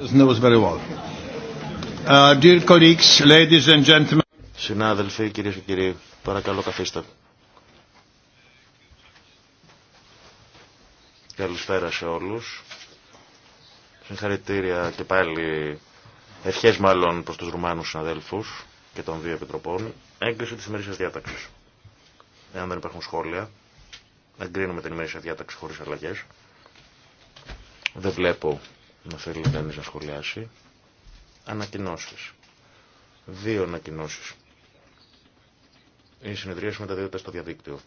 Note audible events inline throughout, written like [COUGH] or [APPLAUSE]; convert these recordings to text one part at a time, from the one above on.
knows uh, Συνάδελφοι, κυρίες και κύριοι, παρακαλώ καθίστε. Καλησπέρα σε όλους. Συγχαρητήρια και πάλι ευχές μάλλον προς τους Ρουμάνους συναδέλφους και των δύο επιτροπών. Έγκριση της ημερήσιας διάταξης. Εάν δεν υπάρχουν σχόλια, εγκρίνουμε την ημερήσια διάταξη χωρίς αλλαγές. Δεν βλέπω να θέλει κανείς να σχολιάσει. Ανακοινώσεις. Δύο ανακοινώσεις. Η συνεδρία μεταδίδεται στο διαδίκτυο.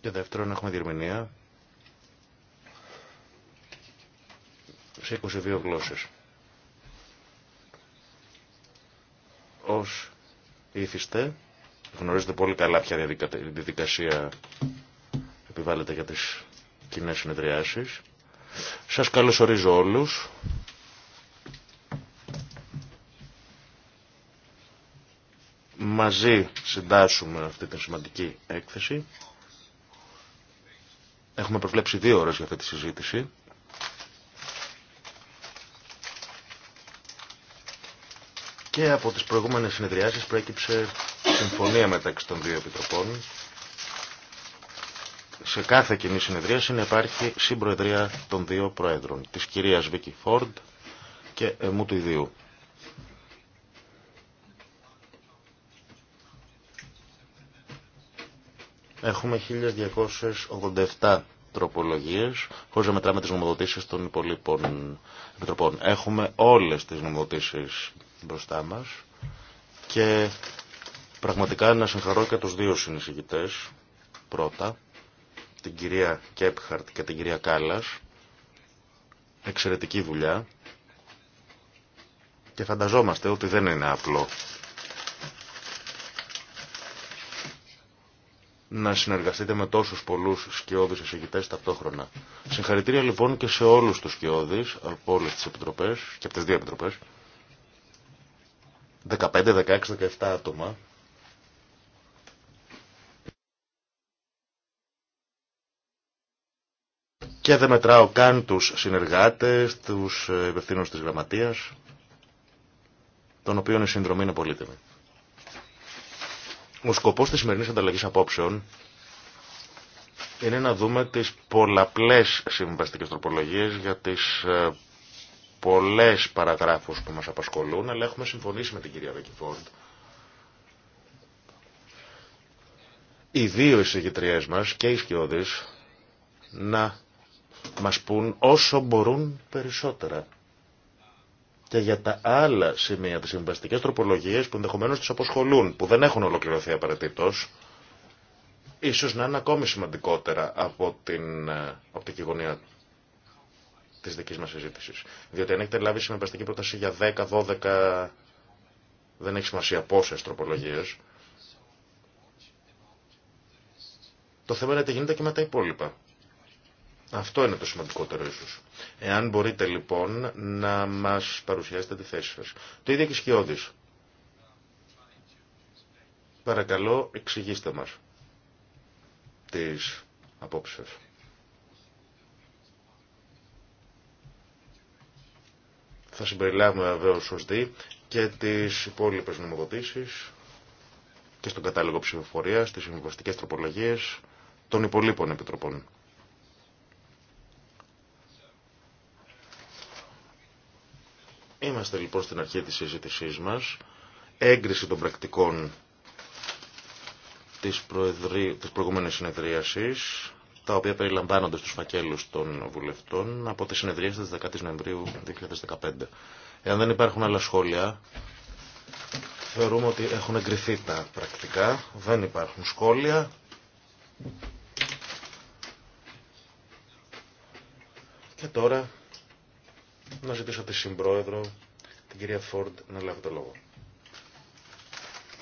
Και δεύτερον έχουμε διερμηνία σε 22 γλώσσες. Ως ήθιστε, γνωρίζετε πολύ καλά ποια διαδικασία επιβάλλεται για τις κοινέ συνεδριάσεις. Σας καλωσορίζω όλους. Μαζί συντάσσουμε αυτή την σημαντική έκθεση. Έχουμε προβλέψει δύο ώρες για αυτή τη συζήτηση. Και από τις προηγούμενες συνεδριάσεις προέκυψε συμφωνία μεταξύ των δύο επιτροπών σε κάθε κοινή συνεδρία συνεπάρχει συμπροεδρία των δύο προέδρων, της κυρίας Βίκη Φόρντ και ε, μου του ιδίου. Έχουμε 1287 τροπολογίες, χωρίς να μετράμε τις νομοδοτήσεις των υπολείπων επιτροπών. Έχουμε όλες τις νομοδοτήσεις μπροστά μας και πραγματικά να συγχαρώ και τους δύο συνεισηγητές πρώτα την κυρία Κέπχαρτ και την κυρία Κάλλας. Εξαιρετική δουλειά. Και φανταζόμαστε ότι δεν είναι απλό να συνεργαστείτε με τόσους πολλούς σκιώδεις εισηγητές ταυτόχρονα. Συγχαρητήρια λοιπόν και σε όλους τους σκιώδεις, από όλες τις επιτροπές και από τις δύο επιτροπές. 15, 16, 17 άτομα Και δεν μετράω καν τους συνεργάτες, τους υπευθύνου της γραμματείας, των οποίων η συνδρομή είναι πολύτιμη. Ο σκοπός της σημερινής ανταλλαγής απόψεων είναι να δούμε τις πολλαπλές συμβαστικές τροπολογίες για τις ε, πολλές παραγράφους που μας απασχολούν, αλλά έχουμε συμφωνήσει με την κυρία Βεκιφόρντ. Οι δύο εισηγητριές μας και οι σκιώδεις να μας πούν όσο μπορούν περισσότερα. Και για τα άλλα σημεία, τι συμβαστικέ τροπολογίε που ενδεχομένως τις αποσχολούν, που δεν έχουν ολοκληρωθεί απαραίτητος, ίσως να είναι ακόμη σημαντικότερα από την ε, οπτική γωνία της δικής μας συζήτηση. Διότι αν έχετε λάβει συμβαστική πρόταση για 10-12, δεν έχει σημασία πόσες τροπολογίες, το θέμα είναι τι γίνεται και με τα υπόλοιπα. Αυτό είναι το σημαντικότερο ίσως. Εάν μπορείτε λοιπόν να μας παρουσιάσετε τη θέση σας. Το ίδιο και σκιώδης. Παρακαλώ εξηγήστε μας τις απόψεις σας. Θα συμπεριλάβουμε βεβαίω δι και τις υπόλοιπες νομοδοτήσεις και στον κατάλογο ψηφοφορίας, τις συμβαστικές τροπολογίες των υπολείπων επιτροπών. Είμαστε λοιπόν στην αρχή της συζήτησής μας. Έγκριση των πρακτικών της, προηγούμενη της προηγούμενης συνεδρίασης, τα οποία περιλαμβάνονται στους φακέλους των βουλευτών από τη συνεδρία της 10 Νοεμβρίου 2015. Εάν δεν υπάρχουν άλλα σχόλια, θεωρούμε ότι έχουν εγκριθεί τα πρακτικά, δεν υπάρχουν σχόλια. Και τώρα να ζητήσω τη συμπρόεδρο, την κυρία Φόρντ, να λάβει το λόγο.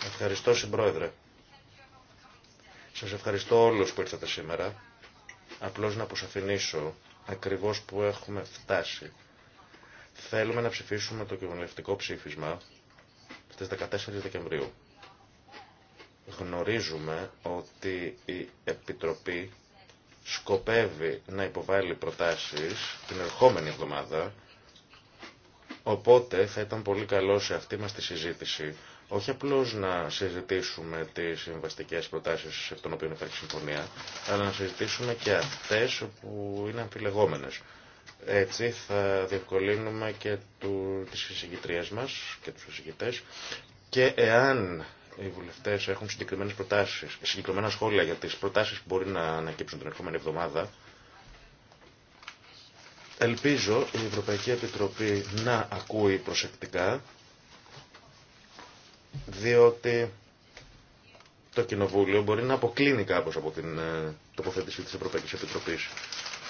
Ευχαριστώ, συμπρόεδρε. Σας ευχαριστώ όλους που ήρθατε σήμερα. Απλώς να αποσαφηνίσω ακριβώς που έχουμε φτάσει. Θέλουμε να ψηφίσουμε το κυβερνητικό ψήφισμα στις 14 Δεκεμβρίου. Γνωρίζουμε ότι η Επιτροπή σκοπεύει να υποβάλει προτάσεις την ερχόμενη εβδομάδα Οπότε θα ήταν πολύ καλό σε αυτή μας τη συζήτηση όχι απλώς να συζητήσουμε τις συμβαστικές προτάσεις εκ των οποίων υπάρχει συμφωνία, αλλά να συζητήσουμε και αυτές που είναι αμφιλεγόμενες. Έτσι θα διευκολύνουμε και τι τις μα μας και τους συζητητές και εάν οι βουλευτές έχουν συγκεκριμένες προτάσεις, συγκεκριμένα σχόλια για τις προτάσεις που μπορεί να ανακύψουν την ερχόμενη εβδομάδα, Ελπίζω η Ευρωπαϊκή Επιτροπή να ακούει προσεκτικά, διότι το Κοινοβούλιο μπορεί να αποκλίνει κάπως από την ε, τοποθέτηση της Ευρωπαϊκής Επιτροπής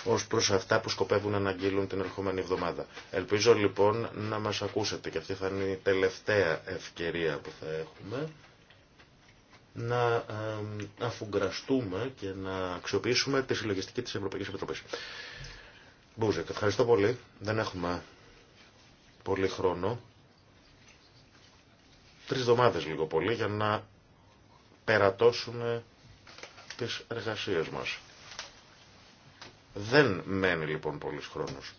ως προς αυτά που σκοπεύουν να αναγγείλουν την ερχόμενη εβδομάδα. Ελπίζω λοιπόν να μας ακούσετε και αυτή θα είναι η τελευταία ευκαιρία που θα έχουμε να ε, αφουγκραστούμε και να αξιοποιήσουμε τη συλλογιστική της Ευρωπαϊκής Επιτροπής. Μπούζεκ, ευχαριστώ πολύ. Δεν έχουμε πολύ χρόνο. Τρεις εβδομάδε λίγο πολύ για να περατώσουν τις εργασίες μας. Δεν μένει λοιπόν πολύς χρόνος.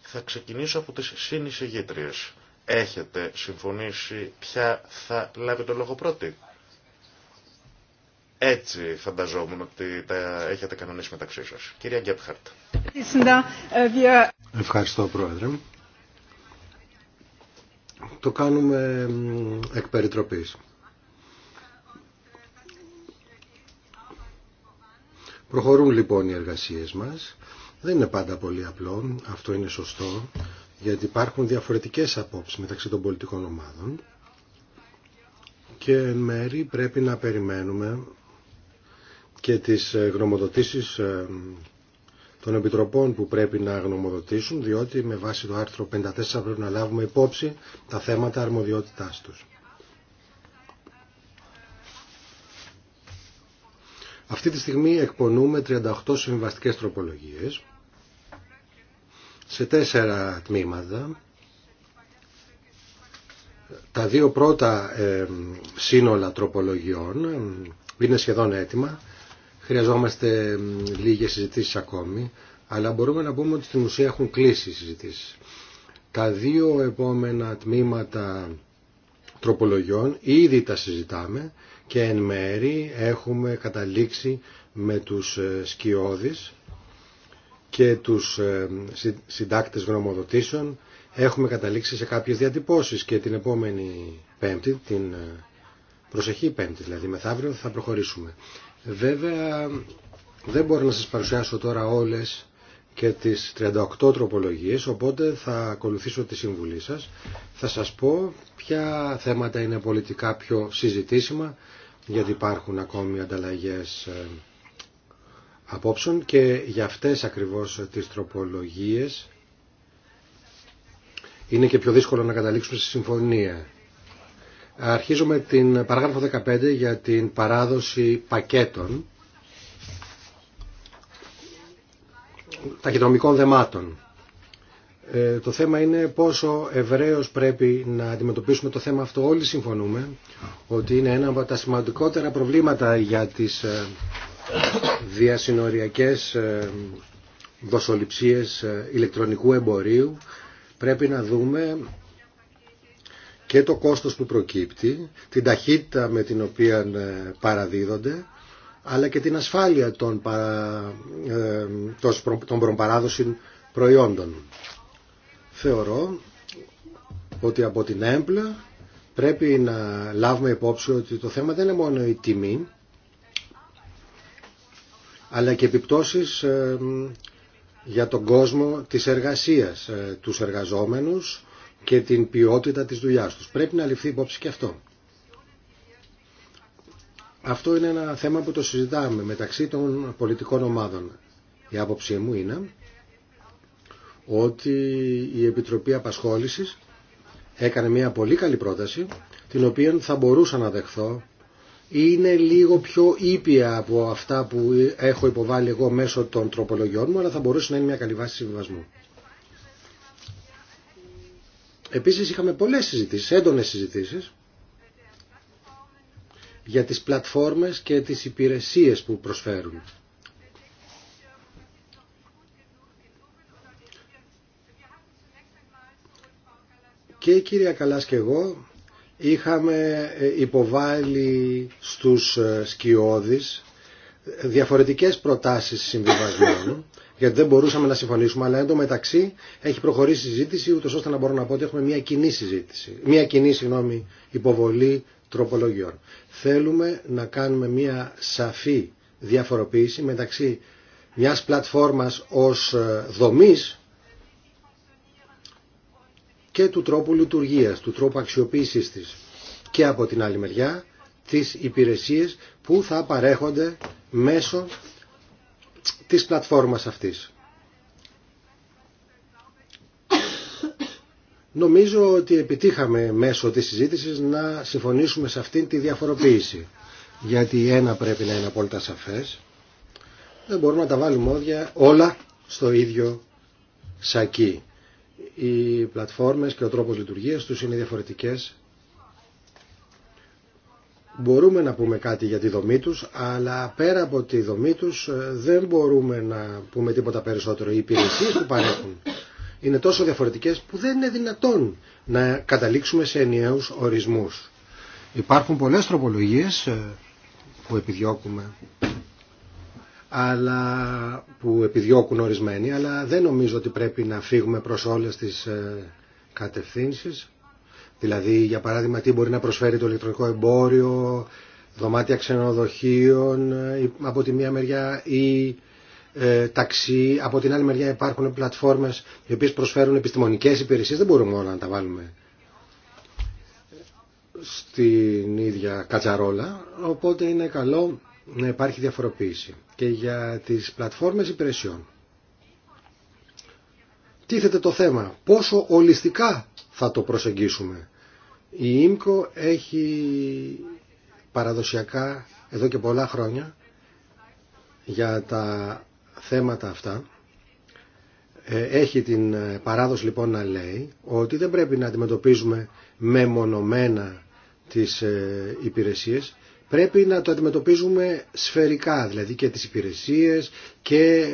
Θα ξεκινήσω από τις συνεισηγήτριες. Έχετε συμφωνήσει ποια θα λάβει το λόγο πρώτη. Έτσι φανταζόμουν ότι τα έχετε κανονίσει μεταξύ σα. Κυρία Γκέπχαρτ. Ευχαριστώ Πρόεδρε. Το κάνουμε εκ περιτροπής. Προχωρούν λοιπόν οι εργασίες μας. Δεν είναι πάντα πολύ απλό, αυτό είναι σωστό, γιατί υπάρχουν διαφορετικές απόψεις μεταξύ των πολιτικών ομάδων και εν μέρη πρέπει να περιμένουμε και τις ε, γνωμοδοτήσεις ε, των επιτροπών που πρέπει να γνωμοδοτήσουν, διότι με βάση το άρθρο 54 πρέπει να λάβουμε υπόψη τα θέματα αρμοδιότητάς τους. Αυτή τη στιγμή εκπονούμε 38 συμβαστικές τροπολογίες σε τέσσερα τμήματα. Τα δύο πρώτα ε, σύνολα τροπολογιών είναι σχεδόν έτοιμα Χρειαζόμαστε λίγες συζητήσεις ακόμη, αλλά μπορούμε να πούμε ότι στην ουσία έχουν κλείσει οι συζητήσεις. Τα δύο επόμενα τμήματα τροπολογιών ήδη τα συζητάμε και εν μέρη έχουμε καταλήξει με τους ε, σκιώδεις και τους ε, συντάκτες γνωμοδοτήσεων έχουμε καταλήξει σε κάποιες διατυπώσεις και την επόμενη πέμπτη, την ε, προσεχή πέμπτη δηλαδή μεθαύριο θα προχωρήσουμε. Βέβαια δεν μπορώ να σας παρουσιάσω τώρα όλες και τις 38 τροπολογίες, οπότε θα ακολουθήσω τη συμβουλή σας. Θα σας πω ποια θέματα είναι πολιτικά πιο συζητήσιμα, γιατί υπάρχουν ακόμη ανταλλαγές ε, απόψεων και για αυτές ακριβώς τις τροπολογίες είναι και πιο δύσκολο να καταλήξουμε στη συμφωνία. Αρχίζουμε την παράγραφο 15 για την παράδοση πακέτων ταχυδρομικών δεμάτων. Ε, το θέμα είναι πόσο ευρέως πρέπει να αντιμετωπίσουμε το θέμα αυτό. Όλοι συμφωνούμε ότι είναι ένα από τα σημαντικότερα προβλήματα για τις ε, διασυνοριακές ε, δοσοληψίες ε, ηλεκτρονικού εμπορίου. Πρέπει να δούμε και το κόστος που προκύπτει, την ταχύτητα με την οποία ε, παραδίδονται, αλλά και την ασφάλεια των, παρα, ε, προϊόντων. Θεωρώ ότι από την έμπλα πρέπει να λάβουμε υπόψη ότι το θέμα δεν είναι μόνο η τιμή, αλλά και επιπτώσεις ε, για τον κόσμο της εργασίας, τους εργαζόμενους, και την ποιότητα της δουλειάς τους. Πρέπει να ληφθεί υπόψη και αυτό. Αυτό είναι ένα θέμα που το συζητάμε μεταξύ των πολιτικών ομάδων. Η άποψή μου είναι ότι η Επιτροπή Απασχόλησης έκανε μια πολύ καλή πρόταση, την οποία θα μπορούσα να δεχθώ. Είναι λίγο πιο ήπια από αυτά που έχω υποβάλει εγώ μέσω των τροπολογιών μου, αλλά θα μπορούσε να είναι μια καλή βάση συμβιβασμού. Επίσης είχαμε πολλές συζητήσεις, έντονες συζητήσεις για τις πλατφόρμες και τις υπηρεσίες που προσφέρουν. Και η κυρία Καλάς και εγώ είχαμε ε, υποβάλει στους ε, σκιώδεις διαφορετικές προτάσεις συμβιβασμών γιατί δεν μπορούσαμε να συμφωνήσουμε, αλλά μεταξύ έχει προχωρήσει η συζήτηση, ούτω ώστε να μπορώ να πω ότι έχουμε μια κοινή συζήτηση, μια κοινή συγγνώμη, υποβολή τροπολογιών. Θέλουμε να κάνουμε μια σαφή διαφοροποίηση μεταξύ μιας πλατφόρμας ως ε, δομής και του τρόπου λειτουργίας, του τρόπου αξιοποίησης της και από την άλλη μεριά τις υπηρεσίες που θα παρέχονται μέσω της πλατφόρμας αυτής. Νομίζω ότι επιτύχαμε μέσω της συζήτησης να συμφωνήσουμε σε αυτήν τη διαφοροποίηση. Γιατί ένα πρέπει να είναι απόλυτα σαφές. Δεν μπορούμε να τα βάλουμε όλα στο ίδιο σακί. Οι πλατφόρμες και ο τρόπος λειτουργίας τους είναι διαφορετικές μπορούμε να πούμε κάτι για τη δομή τους, αλλά πέρα από τη δομή τους ε, δεν μπορούμε να πούμε τίποτα περισσότερο. Οι υπηρεσίες που παρέχουν είναι τόσο διαφορετικές που δεν είναι δυνατόν να καταλήξουμε σε ενιαίους ορισμούς. Υπάρχουν πολλές τροπολογίες ε, που επιδιώκουμε αλλά που επιδιώκουν ορισμένοι, αλλά δεν νομίζω ότι πρέπει να φύγουμε προς όλες τις ε, κατευθύνσεις. Δηλαδή, για παράδειγμα, τι μπορεί να προσφέρει το ηλεκτρονικό εμπόριο, δωμάτια ξενοδοχείων ε, από τη μία μεριά ή ε, ταξί. Από την άλλη μεριά υπάρχουν πλατφόρμες οι οποίες προσφέρουν επιστημονικές υπηρεσίες. Δεν μπορούμε όλα να τα βάλουμε στην ίδια κατσαρόλα, οπότε είναι καλό να υπάρχει διαφοροποίηση. Και για τις πλατφόρμες υπηρεσιών. Τίθεται το θέμα πόσο ολιστικά θα το προσεγγίσουμε. Η ΙΜΚΟ έχει παραδοσιακά εδώ και πολλά χρόνια για τα θέματα αυτά ε, έχει την ε, παράδοση λοιπόν να λέει ότι δεν πρέπει να αντιμετωπίζουμε μεμονωμένα τις ε, υπηρεσίες πρέπει να το αντιμετωπίζουμε σφαιρικά δηλαδή και τις υπηρεσίες και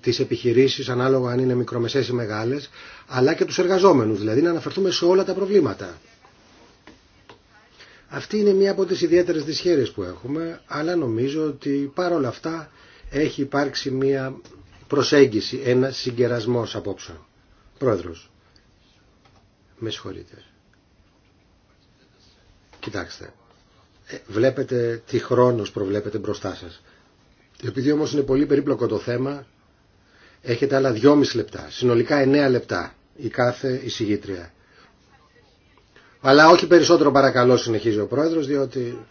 τις επιχειρήσεις ανάλογα αν είναι μικρομεσαίες ή μεγάλες αλλά και τους εργαζόμενους δηλαδή να αναφερθούμε σε όλα τα προβλήματα αυτή είναι μία από τις ιδιαίτερες δυσχέρειες που έχουμε, αλλά νομίζω ότι παρόλα αυτά έχει υπάρξει μία προσέγγιση, ένα συγκερασμός απόψε. Πρόεδρος, με συγχωρείτε. Κοιτάξτε, ε, βλέπετε τι χρόνος προβλέπετε μπροστά σας. Επειδή όμως είναι πολύ περίπλοκο το θέμα, έχετε άλλα δυόμιση λεπτά, συνολικά εννέα λεπτά η κάθε εισηγήτρια. Αλλά όχι περισσότερο παρακαλώ συνεχίζει ο πρόεδρος διότι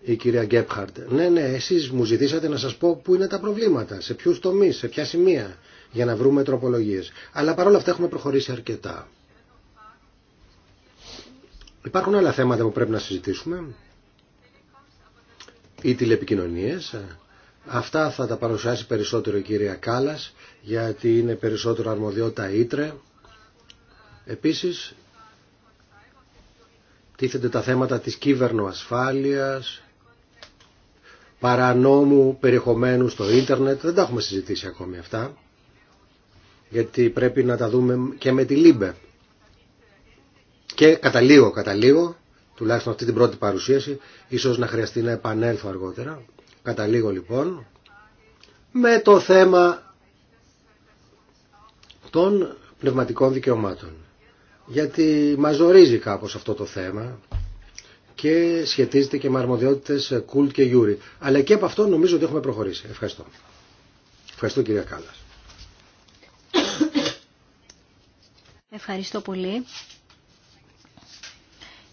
η κυρία Γκέπχαρντ. Ναι, ναι, εσείς μου ζητήσατε να σας πω πού είναι τα προβλήματα, σε ποιου τομείς, σε ποια σημεία για να βρούμε τροπολογίες. Αλλά παρόλα αυτά έχουμε προχωρήσει αρκετά. Υπάρχουν άλλα θέματα που πρέπει να συζητήσουμε. ή τηλεπικοινωνίες. Αυτά θα τα παρουσιάσει περισσότερο η κυρία Κάλλας, γιατί είναι περισσότερο αρμοδιότητα ήτρε. Επίσης, τίθενται τα θέματα της κυβερνοασφάλειας, παρανόμου περιεχομένου στο ίντερνετ. Δεν τα έχουμε συζητήσει ακόμη αυτά, γιατί πρέπει να τα δούμε και με τη ΛΥΜΠΕ. Και κατά λίγο, κατά τουλάχιστον αυτή την πρώτη παρουσίαση, ίσως να χρειαστεί να επανέλθω αργότερα. Κατά λοιπόν, με το θέμα των πνευματικών δικαιωμάτων γιατί μαζορίζει κάπως αυτό το θέμα και σχετίζεται και με αρμοδιότητες Κουλτ και Γιούρι. Αλλά και από αυτό νομίζω ότι έχουμε προχωρήσει. Ευχαριστώ. Ευχαριστώ κυρία Κάλλας. Ευχαριστώ πολύ.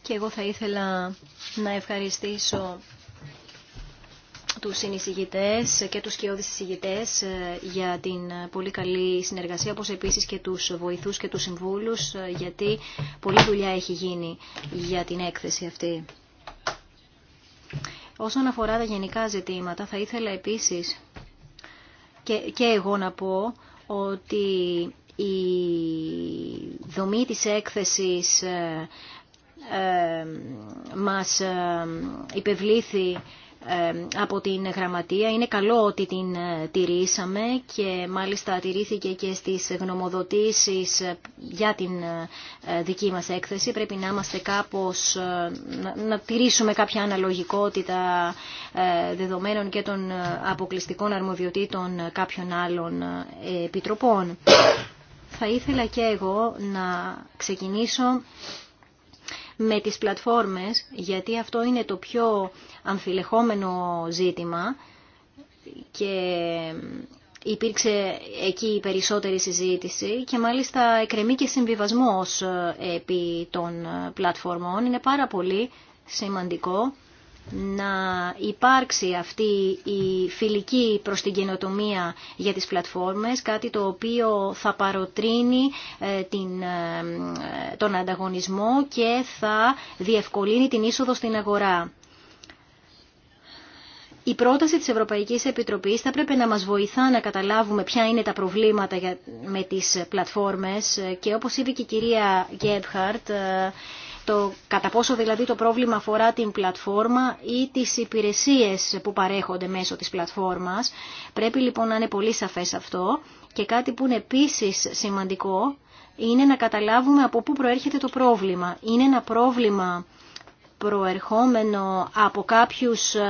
Και εγώ θα ήθελα να ευχαριστήσω τους συνεισηγητές και τους κοιόδης εισηγητές ε, για την πολύ καλή συνεργασία, όπως επίσης και τους βοηθούς και τους συμβούλους, ε, γιατί πολλή δουλειά έχει γίνει για την έκθεση αυτή. Όσον αφορά τα γενικά ζητήματα, θα ήθελα επίσης και, και εγώ να πω ότι η δομή της έκθεσης ε, μας υπευλήθη από την Γραμματεία. Είναι καλό ότι την ε, τηρήσαμε και μάλιστα τηρήθηκε και στις γνωμοδοτήσεις ε, για την ε, δική μας έκθεση. Πρέπει να είμαστε κάπως, να τηρήσουμε κάποια αναλογικότητα δεδομένων και των αποκλειστικών αρμοδιοτήτων κάποιων άλλων επιτροπών. Θα ήθελα και εγώ να ξεκινήσω με τις πλατφόρμες, γιατί αυτό είναι το πιο αμφιλεχόμενο ζήτημα και υπήρξε εκεί η περισσότερη συζήτηση και μάλιστα εκρεμεί και συμβιβασμός ε, επί των ε, πλατφορμών. Είναι πάρα πολύ σημαντικό να υπάρξει αυτή η φιλική προς την καινοτομία για τις πλατφόρμες, κάτι το οποίο θα παροτρύνει ε, ε, τον ανταγωνισμό και θα διευκολύνει την είσοδο στην αγορά. Η πρόταση της Ευρωπαϊκής Επιτροπής θα πρέπει να μας βοηθά να καταλάβουμε ποια είναι τα προβλήματα με τις πλατφόρμες ε, και όπως είπε και η κυρία Γκέμπχαρτ, το κατά πόσο δηλαδή το πρόβλημα αφορά την πλατφόρμα ή τις υπηρεσίες που παρέχονται μέσω της πλατφόρμας. Πρέπει λοιπόν να είναι πολύ σαφές αυτό και κάτι που είναι επίσης σημαντικό είναι να καταλάβουμε από πού προέρχεται το πρόβλημα. Είναι ένα πρόβλημα προερχόμενο από κάποιους ε,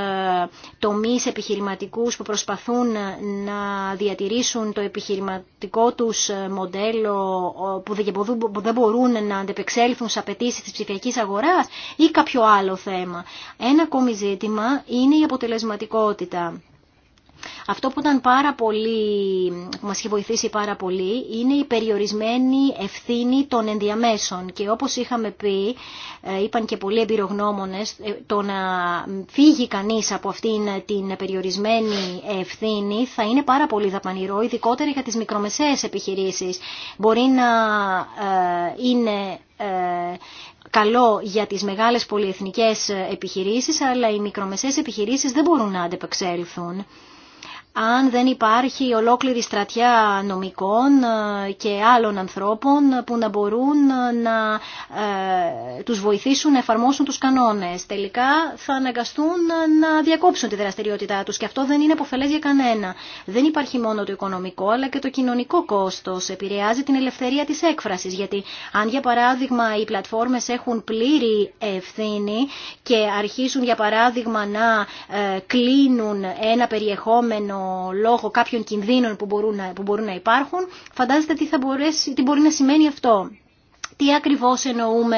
τομείς επιχειρηματικούς που προσπαθούν ε, να διατηρήσουν το επιχειρηματικό τους ε, μοντέλο που δεν μπορούν να αντεπεξέλθουν σε απαιτήσει της ψηφιακής αγοράς ή κάποιο άλλο θέμα. Ένα ακόμη ζήτημα είναι η αποτελεσματικότητα. Αυτό που, ήταν πάρα πολύ, που μας έχει βοηθήσει πάρα πολύ είναι η περιορισμένη ευθύνη των ενδιαμέσων και όπως είχαμε πει, ε, είπαν και πολλοί εμπειρογνώμονες, ε, το να φύγει κανείς από αυτήν την περιορισμένη ευθύνη θα είναι πάρα πολύ δαπανηρό, ειδικότερα για τις μικρομεσαίες επιχειρήσεις. Μπορεί να ε, είναι καλό για τις μεγάλες πολυεθνικές επιχειρήσεις, αλλά οι μικρομεσαίες επιχειρήσεις δεν μπορούν να αντεπεξέλθουν αν δεν υπάρχει ολόκληρη στρατιά νομικών ε, και άλλων ανθρώπων που να μπορούν ε, να ε, τους βοηθήσουν να εφαρμόσουν τους κανόνες. Τελικά θα αναγκαστούν να διακόψουν τη δραστηριότητά τους και αυτό δεν είναι αποφελές για κανένα. Δεν υπάρχει μόνο το οικονομικό αλλά και το κοινωνικό κόστος. Επηρεάζει την ελευθερία της έκφρασης γιατί αν για παράδειγμα οι πλατφόρμες έχουν πλήρη ευθύνη και αρχίζουν για παράδειγμα να κλείνουν ένα περιεχόμενο λόγω κάποιων κινδύνων που μπορούν να, που μπορούν να υπάρχουν, φαντάζεστε τι, θα μπορέσει, τι μπορεί να σημαίνει αυτό. Τι ακριβώς εννοούμε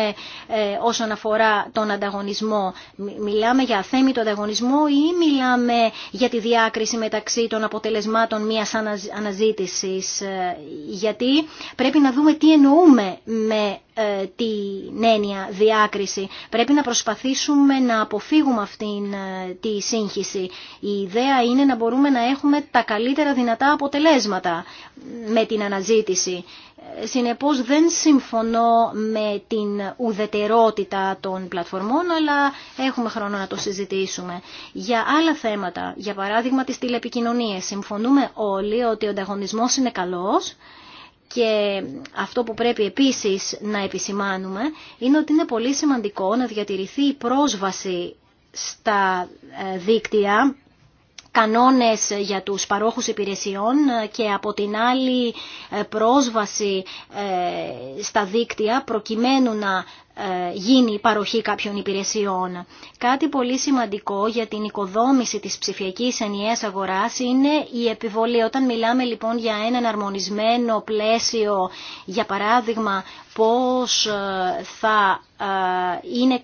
ε, όσον αφορά τον ανταγωνισμό. Μιλάμε για αθέμητο ανταγωνισμό ή μιλάμε για τη διάκριση μεταξύ των αποτελεσμάτων μιας αναζήτησης. Ε, γιατί πρέπει να δούμε τι εννοούμε με ε, την έννοια διάκριση. Πρέπει να προσπαθήσουμε να αποφύγουμε αυτήν τη σύγχυση. Η ιδέα είναι να μπορούμε να έχουμε τα καλύτερα δυνατά αποτελέσματα με την αναζήτηση. Συνεπώς δεν συμφωνώ με την ουδετερότητα των πλατφορμών, αλλά έχουμε χρόνο να το συζητήσουμε. Για άλλα θέματα, για παράδειγμα τις τηλεπικοινωνίες, συμφωνούμε όλοι ότι ο ανταγωνισμός είναι καλός και αυτό που πρέπει επίσης να επισημάνουμε είναι ότι είναι πολύ σημαντικό να διατηρηθεί η πρόσβαση στα ε, δίκτυα κανόνες για τους παρόχους υπηρεσιών και από την άλλη ε, πρόσβαση ε, στα δίκτυα προκειμένου να ε, γίνει η παροχή κάποιων υπηρεσιών. Κάτι πολύ σημαντικό για την οικοδόμηση της ψηφιακής ενιαίας αγοράς είναι η επιβολή. Όταν μιλάμε λοιπόν για έναν αρμονισμένο πλαίσιο, για παράδειγμα πώς θα είναι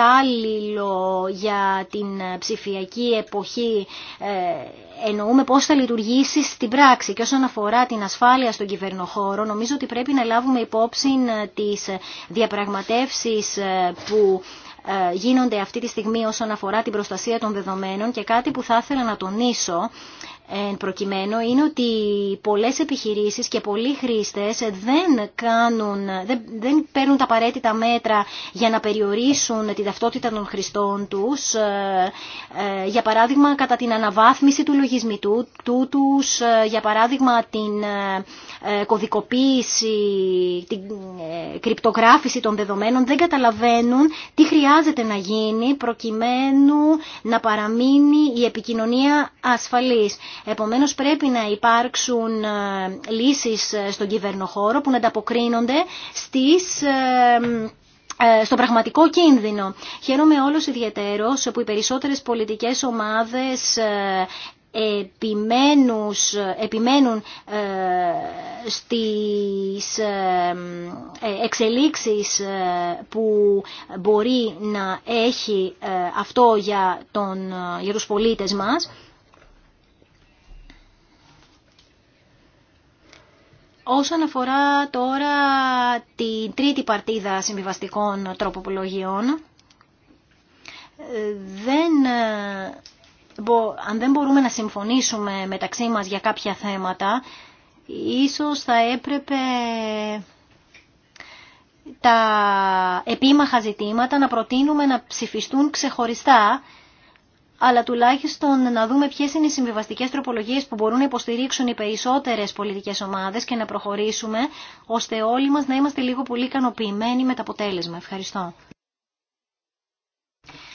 κατάλληλο για την ψηφιακή εποχή ε, εννοούμε πώς θα λειτουργήσει στην πράξη και όσον αφορά την ασφάλεια στον κυβερνοχώρο νομίζω ότι πρέπει να λάβουμε υπόψη ε, τις διαπραγματεύσεις ε, που γίνονται αυτή τη στιγμή όσον αφορά την προστασία των δεδομένων και κάτι που θα ήθελα να τονίσω εν προκειμένου είναι ότι πολλές επιχειρήσεις και πολλοί χρήστες δεν, κάνουν, δεν, δεν παίρνουν τα απαραίτητα μέτρα για να περιορίσουν τη ταυτότητα των χρηστών τους, ε, ε, για παράδειγμα κατά την αναβάθμιση του λογισμικού του τους, ε, για παράδειγμα την κωδικοποίηση, την κρυπτογράφηση των δεδομένων, δεν καταλαβαίνουν τι χρειάζεται να γίνει προκειμένου να παραμείνει η επικοινωνία ασφαλής. Επομένως πρέπει να υπάρξουν ε, λύσεις ε, στον κυβερνοχώρο που να ανταποκρίνονται στις ε, στο πραγματικό κίνδυνο. Χαίρομαι όλος ιδιαίτερος που οι περισσότερες πολιτικές ομάδες επιμένουν στις εξελίξεις που μπορεί να έχει αυτό για, τον, για τους πολίτες μας. Όσον αφορά τώρα την τρίτη παρτίδα συμβιβαστικών τροποπολογιών, δεν, αν δεν μπορούμε να συμφωνήσουμε μεταξύ μας για κάποια θέματα, ίσως θα έπρεπε τα επίμαχα ζητήματα να προτείνουμε να ψηφιστούν ξεχωριστά αλλά τουλάχιστον να δούμε ποιε είναι οι συμβιβαστικέ τροπολογίες που μπορούν να υποστηρίξουν οι περισσότερε πολιτικές ομάδες και να προχωρήσουμε, ώστε όλοι μας να είμαστε λίγο πολύ ικανοποιημένοι με το αποτέλεσμα. Ευχαριστώ.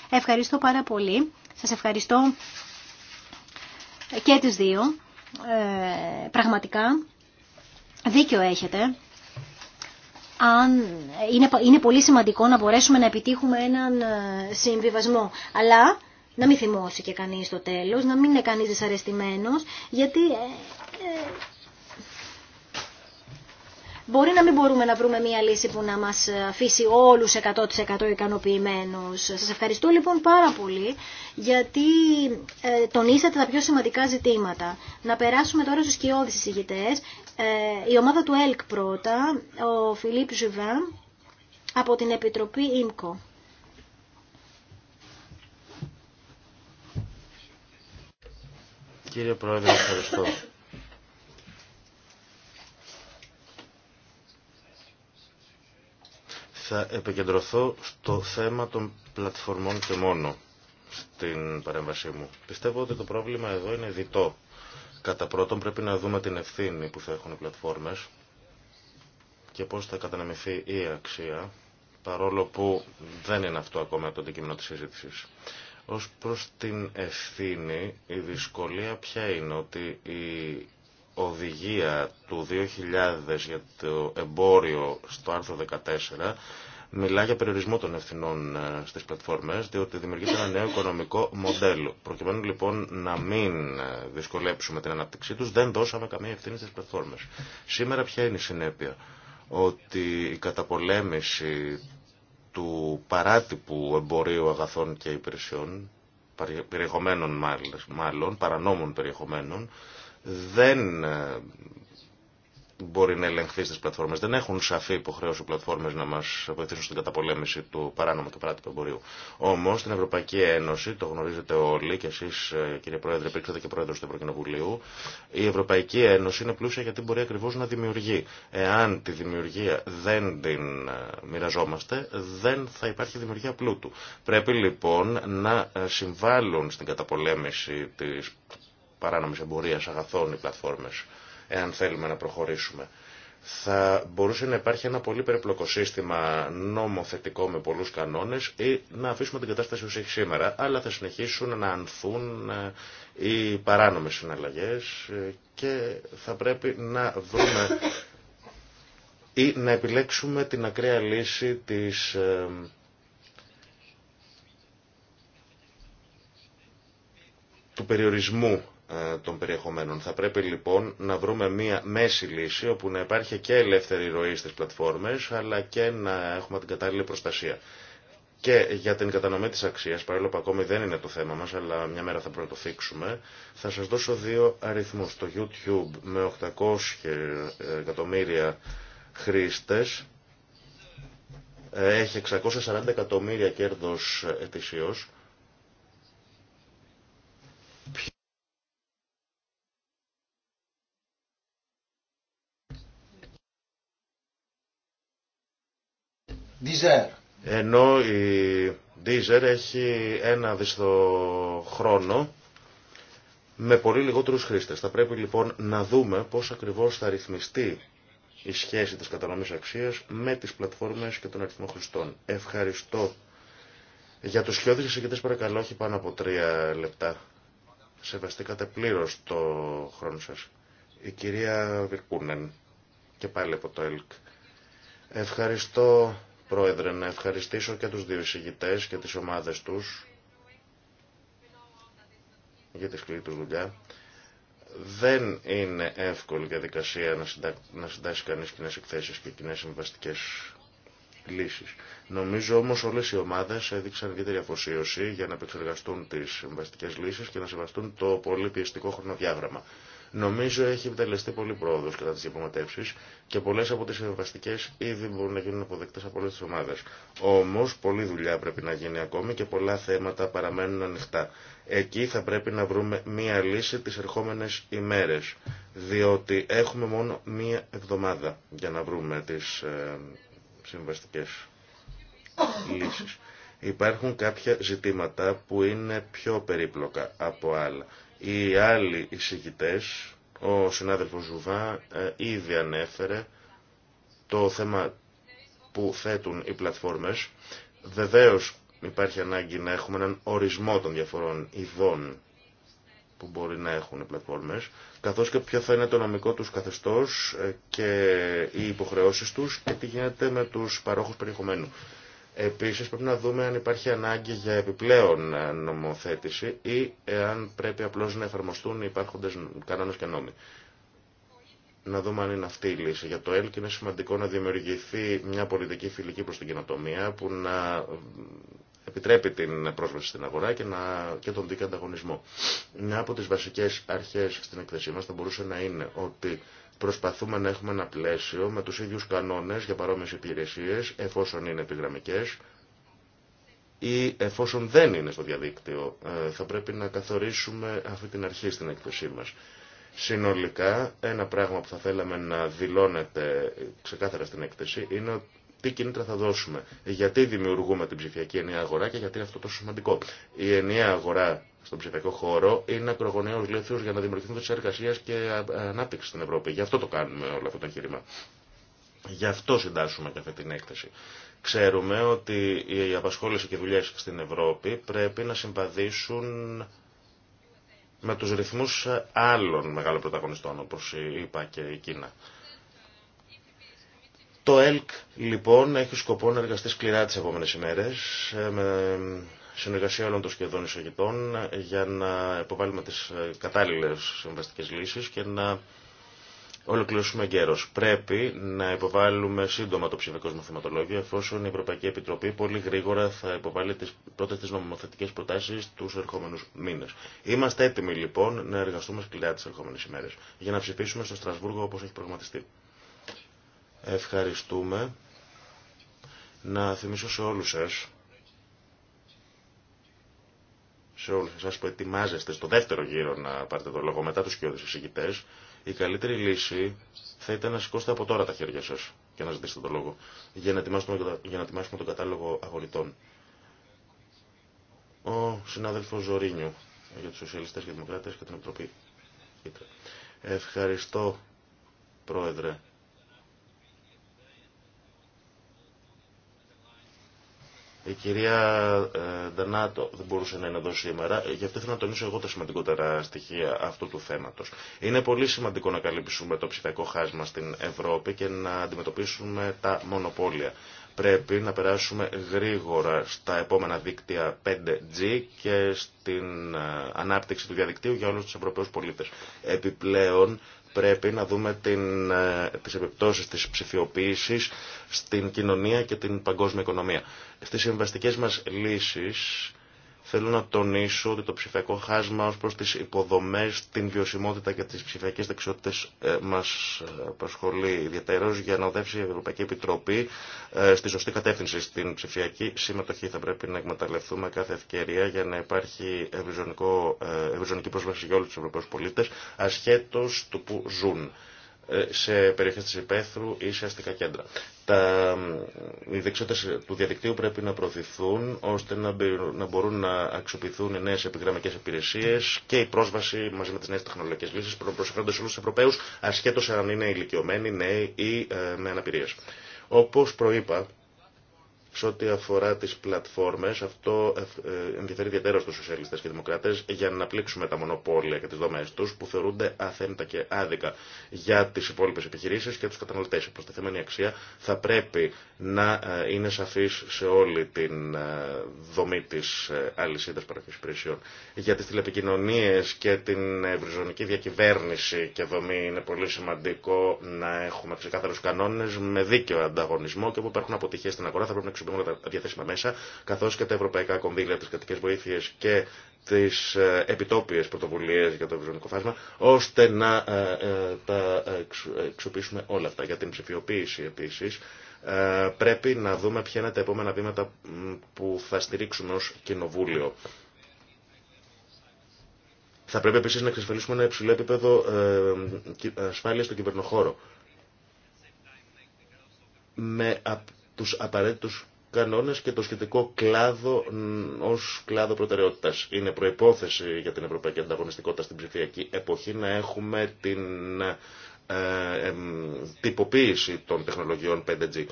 Ευχαριστώ πάρα πολύ. Σας ευχαριστώ και τι δύο. Ε, πραγματικά, δίκιο έχετε. Αν είναι, είναι πολύ σημαντικό να μπορέσουμε να επιτύχουμε έναν ε, συμβιβασμό. Αλλά να μην θυμώσει και κανείς στο τέλος, να μην είναι κανείς δυσαρεστημένος, γιατί ε, ε, Μπορεί να μην μπορούμε να βρούμε μια λύση που να μας αφήσει όλους 100% ικανοποιημένους. Σας ευχαριστώ λοιπόν πάρα πολύ γιατί ε, τονίσατε τα πιο σημαντικά ζητήματα. Να περάσουμε τώρα στους κοιόδης εισηγητές. Ε, η ομάδα του ΕΛΚ πρώτα, ο Φιλίπ Ζουβάν από την Επιτροπή ΙΜΚΟ. Κύριε Πρόεδρε, ευχαριστώ. Θα επικεντρωθώ στο θέμα των πλατφορμών και μόνο στην παρέμβασή μου. Πιστεύω ότι το πρόβλημα εδώ είναι διτό. Κατά πρώτον πρέπει να δούμε την ευθύνη που θα έχουν οι πλατφόρμες και πώς θα καταναμηθεί η αξία, παρόλο που δεν είναι αυτό ακόμα το αντικείμενο της συζήτησης. Ως προς την ευθύνη, η δυσκολία ποια είναι ότι η οδηγία του 2000 για το εμπόριο στο άρθρο 14 μιλά για περιορισμό των ευθυνών ε, στις πλατφόρμες, διότι δημιουργείται ένα νέο οικονομικό μοντέλο. Προκειμένου λοιπόν να μην ε, δυσκολέψουμε την ανάπτυξή τους, δεν δώσαμε καμία ευθύνη στις πλατφόρμες. Σήμερα ποια είναι η συνέπεια ότι η καταπολέμηση του παράτυπου εμπορίου αγαθών και υπηρεσιών, περιεχομένων μάλλον, παρανόμων περιεχομένων, δεν ε, μπορεί να ελεγχθεί στι πλατφόρμες. Δεν έχουν σαφή υποχρέωση οι πλατφόρμες να μας βοηθήσουν στην καταπολέμηση του παράνομου και παράτυπου εμπορίου. Όμως στην Ευρωπαϊκή Ένωση, το γνωρίζετε όλοι και εσείς ε, κύριε Πρόεδρε, υπήρξατε και πρόεδρο του Ευρωκοινοβουλίου, η Ευρωπαϊκή Ένωση είναι πλούσια γιατί μπορεί ακριβώς να δημιουργεί. Εάν τη δημιουργία δεν την ε, μοιραζόμαστε, δεν θα υπάρχει δημιουργία πλούτου. Πρέπει λοιπόν να ε, συμβάλλουν στην καταπολέμηση της παράνομης εμπορίας αγαθών οι πλατφόρμες εάν θέλουμε να προχωρήσουμε. Θα μπορούσε να υπάρχει ένα πολύ περίπλοκο σύστημα νομοθετικό με πολλούς κανόνες ή να αφήσουμε την κατάσταση όπως έχει σήμερα, αλλά θα συνεχίσουν να ανθούν ε, οι παράνομες συναλλαγές ε, και θα πρέπει να βρούμε ή να επιλέξουμε την ακραία λύση της ε, του περιορισμού ε, των περιεχομένων. Θα πρέπει λοιπόν να βρούμε μία μέση λύση όπου να υπάρχει και ελεύθερη ροή στις πλατφόρμες αλλά και να έχουμε την κατάλληλη προστασία. Και για την κατανομή της αξίας, παρόλο που ακόμη δεν είναι το θέμα μας, αλλά μια μέρα θα πρέπει να το θίξουμε, θα σας δώσω δύο αριθμούς. Το YouTube με 800 εκατομμύρια χρήστες ε, έχει 640 εκατομμύρια κέρδος ετησίως Ενώ η Deezer έχει ένα διστό χρόνο με πολύ λιγότερους χρήστες. Θα πρέπει λοιπόν να δούμε πώς ακριβώς θα ρυθμιστεί η σχέση της κατανομής αξίας με τις πλατφόρμες και τον αριθμό χρηστών. Ευχαριστώ. Για τους χιώδεις εισηγητές παρακαλώ όχι πάνω από τρία λεπτά. Σεβαστήκατε πλήρως το χρόνο σας. Η κυρία Βιρκούνεν και πάλι από το ΕΛΚ. Ευχαριστώ Πρόεδρε, να ευχαριστήσω και τους δύο εισηγητές και τις ομάδες τους για τη σκληρή τους δουλειά. Δεν είναι εύκολη διαδικασία να, συντα... να συντάσει κανείς κοινέ εκθέσεις και κοινέ συμβαστικέ λύσεις. Νομίζω όμως όλες οι ομάδες έδειξαν ιδιαίτερη αφοσίωση για να επεξεργαστούν τις συμβαστικέ λύσεις και να σεβαστούν το πολύ πιεστικό χρονοδιάγραμμα. Νομίζω έχει επιτελεστεί πολύ πρόοδο κατά τι διαπραγματεύσει και πολλέ από τι συμβαστικέ ήδη μπορούν να γίνουν αποδεκτέ από όλε τι ομάδε. Όμω, πολλή δουλειά πρέπει να γίνει ακόμη και πολλά θέματα παραμένουν ανοιχτά. Εκεί θα πρέπει να βρούμε μία λύση τι ερχόμενε ημέρε. Διότι έχουμε μόνο μία εβδομάδα για να βρούμε τι ε, συμβαστικέ λύσει. Υπάρχουν κάποια ζητήματα που είναι πιο περίπλοκα από άλλα. Οι άλλοι εισηγητές, ο συνάδελφος Ζουβά ε, ήδη ανέφερε το θέμα που θέτουν οι πλατφόρμες. Βεβαίως υπάρχει ανάγκη να έχουμε έναν ορισμό των διαφορών ειδών που μπορεί να έχουν οι πλατφόρμες, καθώς και ποιο θα είναι το νομικό τους καθεστώς ε, και οι υποχρεώσεις τους και τι γίνεται με τους παρόχους περιεχομένου. Επίσης πρέπει να δούμε αν υπάρχει ανάγκη για επιπλέον ε, νομοθέτηση ή εάν πρέπει απλώς να εφαρμοστούν οι υπάρχοντες κανόνες και νόμοι. Να δούμε αν είναι αυτή η αν πρεπει απλως να εφαρμοστουν οι υπαρχοντες κανονες και νομοι να δουμε αν ειναι αυτη η λυση Για το ΕΛΚ είναι σημαντικό να δημιουργηθεί μια πολιτική φιλική προς την κοινοτομία που να ε, επιτρέπει την πρόσβαση στην αγορά και, να, και τον δίκαιο ανταγωνισμό. Μια από τις βασικές αρχές στην εκθεσή μας θα μπορούσε να είναι ότι Προσπαθούμε να έχουμε ένα πλαίσιο με τους ίδιους κανόνες για παρόμοιες υπηρεσίες, εφόσον είναι επιγραμμικές ή εφόσον δεν είναι στο διαδίκτυο. Ε, θα πρέπει να καθορίσουμε αυτή την αρχή στην έκθεσή μας. Συνολικά, ένα πράγμα που θα θέλαμε να δηλώνεται ξεκάθαρα στην έκθεση είναι ότι τι κίνητρα θα δώσουμε, γιατί δημιουργούμε την ψηφιακή ενιαία αγορά και γιατί είναι αυτό τόσο σημαντικό. Η ενιαία αγορά στον ψηφιακό χώρο είναι ακρογωνιαίο λίθο για να δημιουργηθούν θέσει εργασία και ανάπτυξη στην Ευρώπη. Γι' αυτό το κάνουμε όλο αυτό το εγχείρημα. Γι' αυτό συντάσσουμε και αυτή την έκθεση. Ξέρουμε ότι η απασχόληση και δουλειέ στην Ευρώπη πρέπει να συμβαδίσουν με τους ρυθμούς άλλων μεγάλων πρωταγωνιστών, όπως είπα και η Κίνα. Το ΕΛΚ λοιπόν έχει σκοπό να εργαστεί σκληρά τις επόμενες ημέρες ε, με συνεργασία όλων των σχεδόν εισαγητών για να υποβάλουμε τις ε, κατάλληλες συμβαστικές λύσεις και να ολοκληρώσουμε γέρος. Πρέπει να υποβάλουμε σύντομα το ψηφιακό μαθηματολόγιο εφόσον η Ευρωπαϊκή Επιτροπή πολύ γρήγορα θα υποβάλει τις πρώτες τις νομοθετικές προτάσεις τους ερχόμενους μήνες. Είμαστε έτοιμοι λοιπόν να εργαστούμε σκληρά τις ερχόμενες ημέρες για να ψηφίσουμε στο Στρασβούργο όπως έχει προγραμματιστεί. Ευχαριστούμε. Να θυμίσω σε όλους σας, σε όλους σας που ετοιμάζεστε στο δεύτερο γύρο να πάρετε το λόγο μετά τους κοιόδους εισηγητές, η καλύτερη λύση θα ήταν να σηκώσετε από τώρα τα χέρια σας και να ζητήσετε το λόγο για να ετοιμάσουμε, για να τον κατάλογο αγωνιτών. Ο συνάδελφος Ζωρίνιου για τους Σοσιαλιστές και Δημοκράτες και την Επιτροπή. Ευχαριστώ, Πρόεδρε. Η κυρία Ντανάτο ε, δεν μπορούσε να είναι εδώ σήμερα, ε, γι' αυτό θέλω να τονίσω εγώ τα σημαντικότερα στοιχεία αυτού του θέματο. Είναι πολύ σημαντικό να καλύψουμε το ψηφιακό χάσμα στην Ευρώπη και να αντιμετωπίσουμε τα μονοπόλια. Πρέπει να περάσουμε γρήγορα στα επόμενα δίκτυα 5G και στην ε, ανάπτυξη του διαδικτύου για όλους τους Ευρωπαίους πολίτες. Επιπλέον Πρέπει να δούμε την, ε, τις επιπτώσεις της ψηφιοποίησης στην κοινωνία και την παγκόσμια οικονομία. Στις συμβαστικές μας λύσεις Θέλω να τονίσω ότι το ψηφιακό χάσμα ως προς τις υποδομές, την βιωσιμότητα και τις ψηφιακές δεξιότητες ε, μας ε, απασχολεί ιδιαίτερως για να οδεύσει η Ευρωπαϊκή Επιτροπή ε, στη σωστή κατεύθυνση στην ψηφιακή συμμετοχή. Θα πρέπει να εκμεταλλευτούμε κάθε ευκαιρία για να υπάρχει ευρυζωνική πρόσβαση για όλους τους Ευρωπαίους πολίτες ασχέτως του που ζουν. Ε, σε περιοχές της υπαίθρου ή σε αστικά κέντρα. Τα, οι δεξιότητες του διαδικτύου πρέπει να προωθηθούν ώστε να, μπορούν να αξιοποιηθούν οι νέες επιγραμμικές υπηρεσίες και η πρόσβαση μαζί με τις νέες τεχνολογικές λύσεις προσφέροντας όλους τους Ευρωπαίους ασχέτως αν είναι ηλικιωμένοι, νέοι ή ε, με αναπηρίες. Όπως προείπα, σε ό,τι αφορά τις πλατφόρμες, αυτό ε, ε, ενδιαφέρει ιδιαίτερα στους σοσιαλιστές και δημοκράτες για να πλήξουμε τα μονοπόλια και τις δομές τους που θεωρούνται αθέμητα και άδικα για τις υπόλοιπες επιχειρήσεις και τους καταναλωτές. Η προστεθέμενη αξία θα πρέπει να ε, είναι σαφής σε όλη την δομή της αλυσίδας παραχής υπηρεσιών. Για τις τηλεπικοινωνίες και την ευρυζωνική διακυβέρνηση και δομή είναι πολύ σημαντικό να έχουμε ξεκάθαρου κανόνες με δίκαιο ανταγωνισμό και όπου υπάρχουν αποτυχίες στην αγορά θα πρέπει να συντομότερα τα διαθέσιμα μέσα, καθώς και τα ευρωπαϊκά κονδύλια, τι κρατικές βοήθειες και τις ε, επιτόπιες πρωτοβουλίες για το ευρωπαϊκό φάσμα, ώστε να ε, ε, τα εξοπλίσουμε όλα αυτά. Για την ψηφιοποίηση επίση, πρέπει να δούμε ποια είναι τα επόμενα βήματα που θα στηρίξουμε ω κοινοβούλιο. Θα πρέπει επίσης να εξασφαλίσουμε ένα υψηλό επίπεδο ασφάλεια στον κυβερνοχώρο με τους απαραίτητους κανόνες και το σχετικό κλάδο ως κλάδο προτεραιότητας. Είναι προϋπόθεση για την ευρωπαϊκή ανταγωνιστικότητα στην ψηφιακή εποχή να έχουμε την ε, τυποποίηση των τεχνολογιών 5G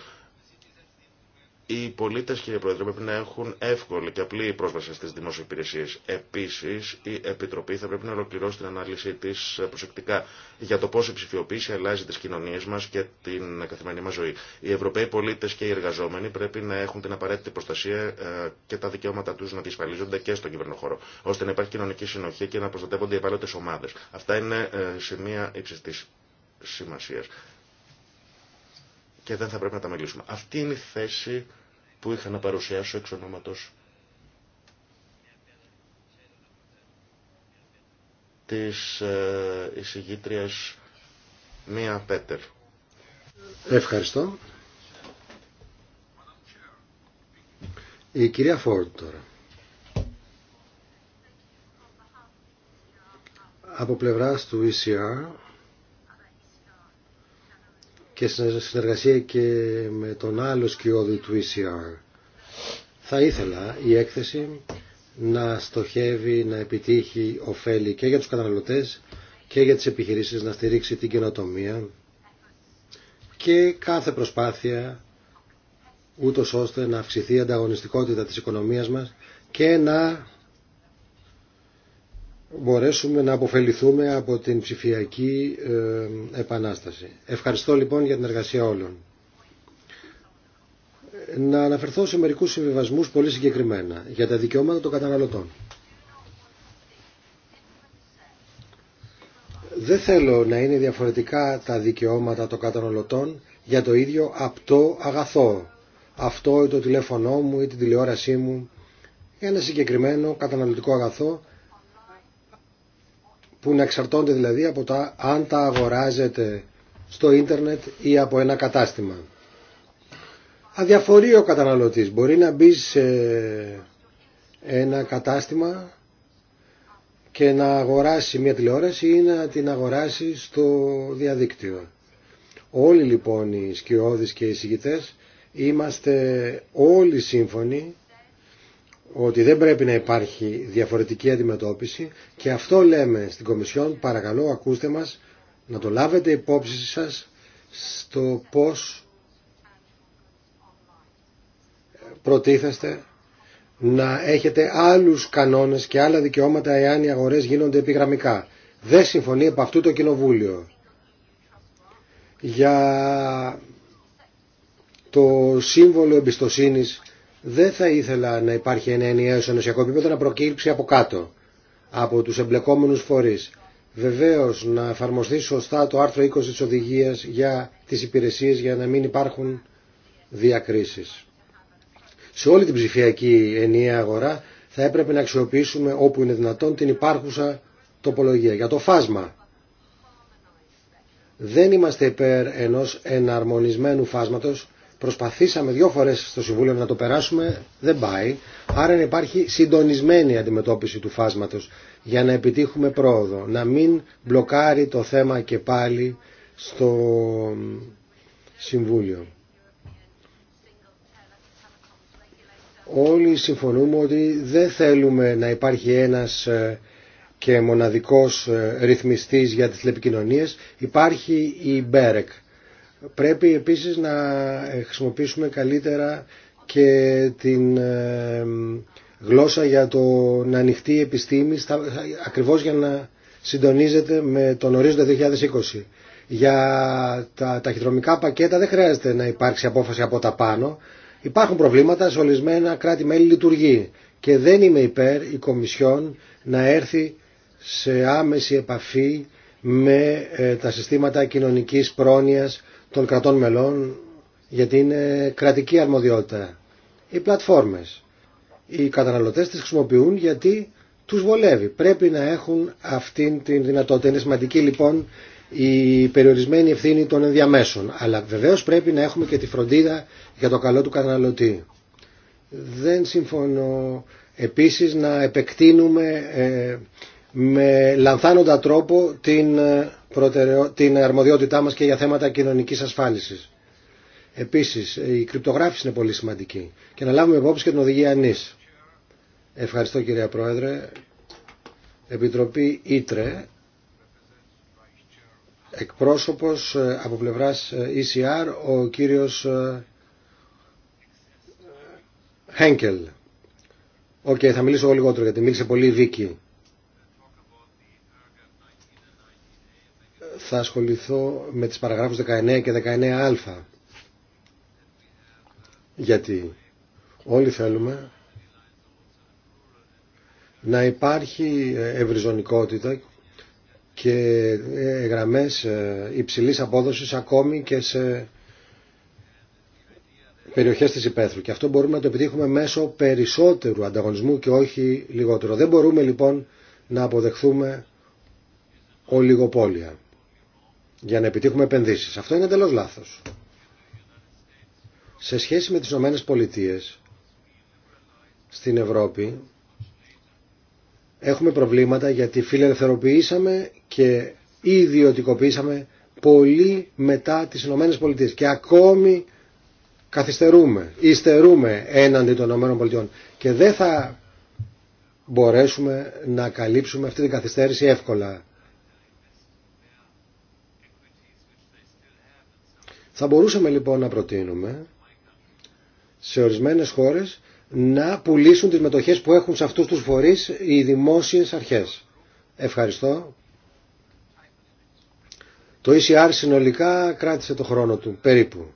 οι πολίτες, κύριε Πρόεδρε, πρέπει να έχουν εύκολη και απλή πρόσβαση στις δημόσιες υπηρεσίες. Επίσης, η Επιτροπή θα πρέπει να ολοκληρώσει την ανάλυση της προσεκτικά για το πώς η ψηφιοποίηση αλλάζει τις κοινωνίες μας και την καθημερινή μας ζωή. Οι Ευρωπαίοι πολίτες και οι εργαζόμενοι πρέπει να έχουν την απαραίτητη προστασία ε, και τα δικαιώματα τους να διασφαλίζονται και στον κυβερνοχώρο, ώστε να υπάρχει κοινωνική συνοχή και να προστατεύονται οι ευάλωτες ομάδες. Αυτά είναι ε, σημεία μία σημασία και δεν θα πρέπει να τα μιλήσουμε. Αυτή είναι η θέση που είχα να παρουσιάσω εξ ονόματος της ε, εισηγήτριας Μία Πέτερ. Ευχαριστώ. Η κυρία Φόρντ τώρα. Από πλευράς του ECR και συνεργασία και με τον άλλο σκιώδη του ECR. Θα ήθελα η έκθεση να στοχεύει, να επιτύχει ωφέλη και για τους καταναλωτές και για τις επιχειρήσεις να στηρίξει την καινοτομία και κάθε προσπάθεια ούτως ώστε να αυξηθεί η ανταγωνιστικότητα της οικονομίας μας και να μπορέσουμε να αποφεληθούμε από την ψηφιακή ε, επανάσταση. Ευχαριστώ λοιπόν για την εργασία όλων. Να αναφερθώ σε μερικούς συμβιβασμούς πολύ συγκεκριμένα για τα δικαιώματα των καταναλωτών. Δεν θέλω να είναι διαφορετικά τα δικαιώματα των καταναλωτών για το ίδιο απτό αγαθό. Αυτό ή το τηλέφωνό μου ή την τηλεόρασή μου. Ένα συγκεκριμένο καταναλωτικό αγαθό που να εξαρτώνται δηλαδή από τα αν τα αγοράζετε στο ίντερνετ ή από ένα κατάστημα. Αδιαφορεί ο καταναλωτής. Μπορεί να μπει σε ένα κατάστημα και να αγοράσει μια τηλεόραση ή να την αγοράσει στο διαδίκτυο. Όλοι λοιπόν οι σκιώδεις και οι συγκητές είμαστε όλοι σύμφωνοι ότι δεν πρέπει να υπάρχει διαφορετική αντιμετώπιση και αυτό λέμε στην Κομισιόν, παρακαλώ ακούστε μας, να το λάβετε υπόψη σας στο πώς προτίθεστε να έχετε άλλους κανόνες και άλλα δικαιώματα εάν οι αγορές γίνονται επιγραμμικά. Δεν συμφωνεί από αυτού το Κοινοβούλιο. Για το σύμβολο εμπιστοσύνης δεν θα ήθελα να υπάρχει ένα ενιαίο ενωσιακό επίπεδο να προκύψει από κάτω, από τους εμπλεκόμενους φορείς. Βεβαίως να εφαρμοστεί σωστά το άρθρο 20 της οδηγίας για τις υπηρεσίες για να μην υπάρχουν διακρίσεις. Σε όλη την ψηφιακή ενιαία αγορά θα έπρεπε να αξιοποιήσουμε όπου είναι δυνατόν την υπάρχουσα τοπολογία. Για το φάσμα. Δεν είμαστε υπέρ ενός εναρμονισμένου φάσματος Προσπαθήσαμε δύο φορές στο Συμβούλιο να το περάσουμε, δεν πάει. Άρα να υπάρχει συντονισμένη αντιμετώπιση του φάσματος για να επιτύχουμε πρόοδο. Να μην μπλοκάρει το θέμα και πάλι στο Συμβούλιο. Όλοι συμφωνούμε ότι δεν θέλουμε να υπάρχει ένας ε, και μοναδικός ε, ρυθμιστής για τις τηλεπικοινωνίες. Υπάρχει η BEREC, Πρέπει επίσης να ε, χρησιμοποιήσουμε καλύτερα και την ε, γλώσσα για το να ανοιχτεί η επιστήμη ακριβώς για να συντονίζεται με τον ορίζοντα 2020. Για τα ταχυδρομικά πακέτα δεν χρειάζεται να υπάρξει απόφαση από τα πάνω. Υπάρχουν προβλήματα σε ολισμενα κρατη κράτη-μέλη λειτουργεί και δεν είμαι υπέρ η Κομισιόν να έρθει σε άμεση επαφή με ε, τα συστήματα κοινωνικής πρόνοιας των κρατών μελών γιατί είναι κρατική αρμοδιότητα. Οι πλατφόρμες, οι καταναλωτές τις χρησιμοποιούν γιατί τους βολεύει. Πρέπει να έχουν αυτή την δυνατότητα. Είναι σημαντική λοιπόν η περιορισμένη ευθύνη των ενδιαμέσων. Αλλά βεβαίως πρέπει να έχουμε και τη φροντίδα για το καλό του καταναλωτή. Δεν συμφωνώ επίσης να επεκτείνουμε ε, με λανθάνοντα τρόπο την ε, την αρμοδιότητά μας και για θέματα κοινωνικής ασφάλισης. Επίσης, η κρυπτογράφηση είναι πολύ σημαντική και να λάβουμε υπόψη και την οδηγία Νίς. Ευχαριστώ κυρία Πρόεδρε. Επιτροπή Ήτρε, εκπρόσωπος ε, από πλευράς ε, ECR, ο κύριος Χένκελ. Οκ, okay, θα μιλήσω εγώ λιγότερο γιατί μίλησε πολύ η Βίκη. θα ασχοληθώ με τις παραγράφους 19 και 19α. Γιατί όλοι θέλουμε να υπάρχει ε, ευρυζωνικότητα και ε, γραμμές ε, υψηλής απόδοσης ακόμη και σε περιοχές της υπαίθρου. Και αυτό μπορούμε να το επιτύχουμε μέσω περισσότερου ανταγωνισμού και όχι λιγότερο. Δεν μπορούμε λοιπόν να αποδεχθούμε ολιγοπόλια για να επιτύχουμε επενδύσει. Αυτό είναι εντελώ λάθο. Σε σχέση με τις Ηνωμένε Πολιτείες, στην Ευρώπη, έχουμε προβλήματα γιατί φιλελευθερωποιήσαμε και ιδιωτικοποιήσαμε πολύ μετά τις Ηνωμένε Πολιτείε και ακόμη καθυστερούμε, υστερούμε έναντι των Ηνωμένων Πολιτειών και δεν θα μπορέσουμε να καλύψουμε αυτή την καθυστέρηση εύκολα. Θα μπορούσαμε λοιπόν να προτείνουμε σε ορισμένες χώρες να πουλήσουν τις μετοχές που έχουν σε αυτούς τους φορείς οι δημόσιες αρχές. Ευχαριστώ. Το ECR συνολικά κράτησε το χρόνο του, περίπου.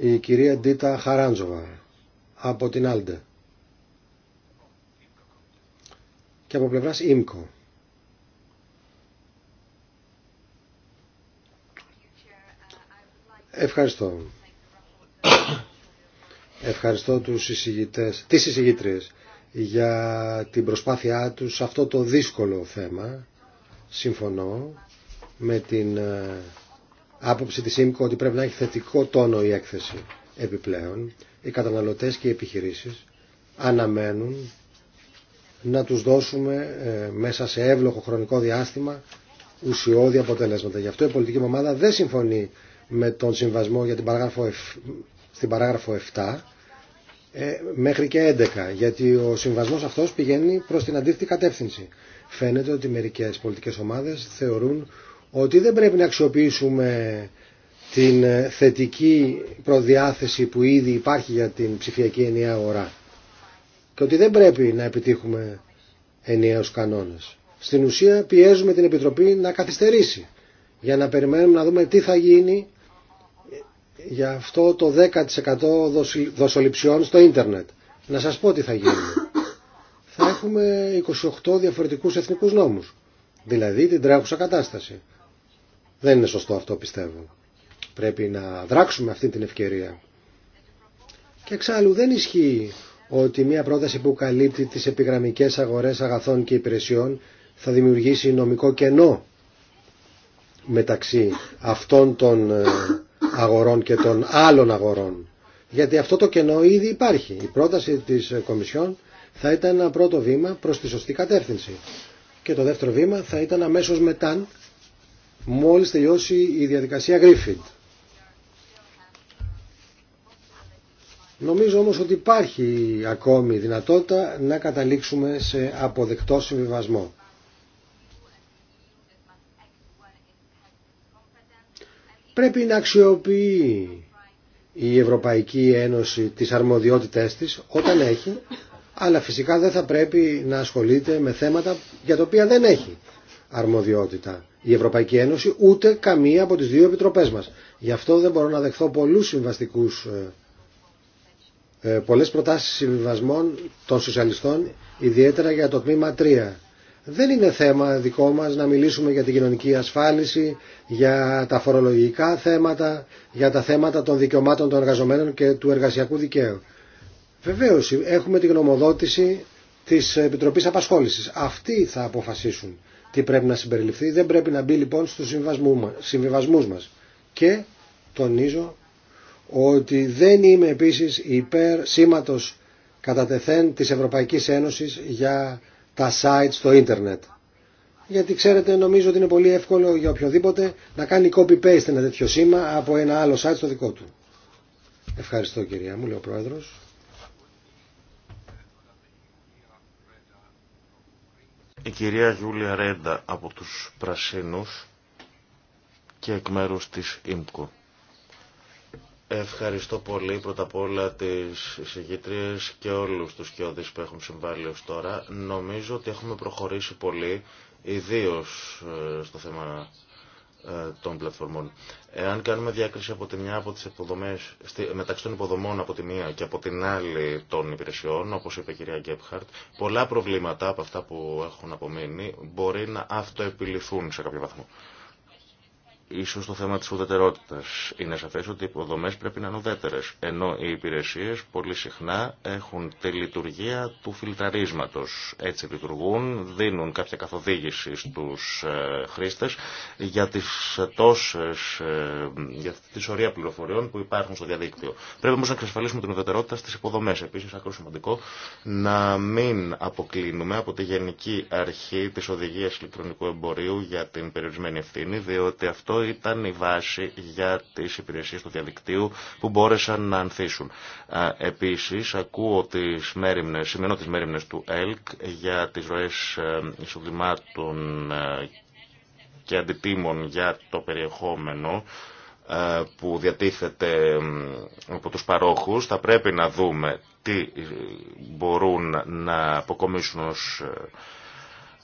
Η κυρία Ντίτα Χαράντζοβα από την Άλντε και από πλευράς Ίμκο. Ευχαριστώ. Ευχαριστώ τους συζητητές, τις για την προσπάθειά τους σε αυτό το δύσκολο θέμα. Συμφωνώ με την ε, άποψη της ΣΥΜΚΟ ότι πρέπει να έχει θετικό τόνο η έκθεση επιπλέον. Οι καταναλωτές και οι επιχειρήσεις αναμένουν να τους δώσουμε ε, μέσα σε εύλογο χρονικό διάστημα ουσιώδη αποτελέσματα. Γι' αυτό η πολιτική ομάδα δεν συμφωνεί με τον συμβασμό για την παράγραφο, στην παράγραφο 7 ε, μέχρι και 11 γιατί ο συμβασμός αυτός πηγαίνει προς την αντίθετη κατεύθυνση. Φαίνεται ότι μερικές πολιτικές ομάδες θεωρούν ότι δεν πρέπει να αξιοποιήσουμε την ε, θετική προδιάθεση που ήδη υπάρχει για την ψηφιακή ενιαία αγορά και ότι δεν πρέπει να επιτύχουμε ενιαίους κανόνες. Στην ουσία πιέζουμε την Επιτροπή να καθυστερήσει για να περιμένουμε να δούμε τι θα γίνει για αυτό το 10% δοσοληψιών στο ίντερνετ. Να σας πω τι θα γίνει. Θα έχουμε 28 διαφορετικούς εθνικούς νόμους. Δηλαδή την τρέχουσα κατάσταση. Δεν είναι σωστό αυτό πιστεύω. Πρέπει να δράξουμε αυτή την ευκαιρία. Και εξάλλου δεν ισχύει ότι μια πρόταση που καλύπτει τις επιγραμμικές αγορές αγαθών και υπηρεσιών θα δημιουργήσει νομικό κενό μεταξύ αυτών των ε, αγορών και των άλλων αγορών. Γιατί αυτό το κενό ήδη υπάρχει. Η πρόταση της Κομισιόν θα ήταν ένα πρώτο βήμα προς τη σωστή κατεύθυνση. Και το δεύτερο βήμα θα ήταν αμέσως μετά, μόλις τελειώσει η διαδικασία Griffith. Νομίζω όμως ότι υπάρχει ακόμη δυνατότητα να καταλήξουμε σε αποδεκτό συμβιβασμό. πρέπει να αξιοποιεί η Ευρωπαϊκή Ένωση τις αρμοδιότητές της όταν έχει, αλλά φυσικά δεν θα πρέπει να ασχολείται με θέματα για τα οποία δεν έχει αρμοδιότητα η Ευρωπαϊκή Ένωση ούτε καμία από τις δύο επιτροπές μας. Γι' αυτό δεν μπορώ να δεχθώ πολλούς συμβαστικούς, ε, ε, πολλές προτάσεις συμβιβασμών των σοσιαλιστών, ιδιαίτερα για το τμήμα 3 δεν είναι θέμα δικό μας να μιλήσουμε για την κοινωνική ασφάλιση, για τα φορολογικά θέματα, για τα θέματα των δικαιωμάτων των εργαζομένων και του εργασιακού δικαίου. Βεβαίως έχουμε τη γνωμοδότηση της Επιτροπής Απασχόλησης. Αυτοί θα αποφασίσουν τι πρέπει να συμπεριληφθεί. Δεν πρέπει να μπει λοιπόν στους συμβιβασμούς μας. Και τονίζω ότι δεν είμαι επίσης υπέρ σήματος τεθέν της Ευρωπαϊκής Ένωσης για τα site στο ίντερνετ. Γιατί ξέρετε νομίζω ότι είναι πολύ εύκολο για οποιοδήποτε να κάνει copy-paste ένα τέτοιο σήμα από ένα άλλο site στο δικό του. Ευχαριστώ κυρία μου, λέει ο Πρόεδρος. Η κυρία Γιούλια Ρέντα από τους Πρασίνους και εκ μέρους της ΙΜΚΟ. Ευχαριστώ πολύ πρώτα απ' όλα τις εισηγητρίες και όλους τους κοιόδης που έχουν συμβάλει ως τώρα. Νομίζω ότι έχουμε προχωρήσει πολύ, ιδίως ε, στο θέμα ε, των πλατφορμών. Εάν κάνουμε διάκριση από τη μια από τις υποδομές, μεταξύ των υποδομών από τη μία και από την άλλη των υπηρεσιών, όπως είπε η κυρία Γκέπχαρτ, πολλά προβλήματα από αυτά που έχουν απομείνει μπορεί να αυτοεπιληθούν σε κάποιο βαθμό. Ίσως το θέμα της ουδετερότητας. Είναι σαφές ότι οι υποδομές πρέπει να είναι ουδέτερες, ενώ οι υπηρεσίες πολύ συχνά έχουν τη λειτουργία του φιλτραρίσματος. Έτσι λειτουργούν, δίνουν κάποια καθοδήγηση στους ε, χρήστες για τις ε, τόσες, ε, για τη σωρία πληροφοριών που υπάρχουν στο διαδίκτυο. Πρέπει όμως να εξασφαλίσουμε την ουδετερότητα στις υποδομές. Επίσης, ακρό σημαντικό, να μην αποκλίνουμε από τη Γενική Αρχή της Οδηγίας Ηλεκτρονικού Εμπορίου για την περιορισμένη ευθύνη, διότι αυτό ήταν η βάση για τις υπηρεσίες του διαδικτύου που μπόρεσαν να ανθίσουν. Επίσης, ακούω τις μέρημνες, σημαίνω τις μέρημνες του ΕΛΚ για τις ροές ε, εισοδημάτων ε, και αντιτίμων για το περιεχόμενο ε, που διατίθεται από τους παρόχους. Θα πρέπει να δούμε τι μπορούν να αποκομίσουν ως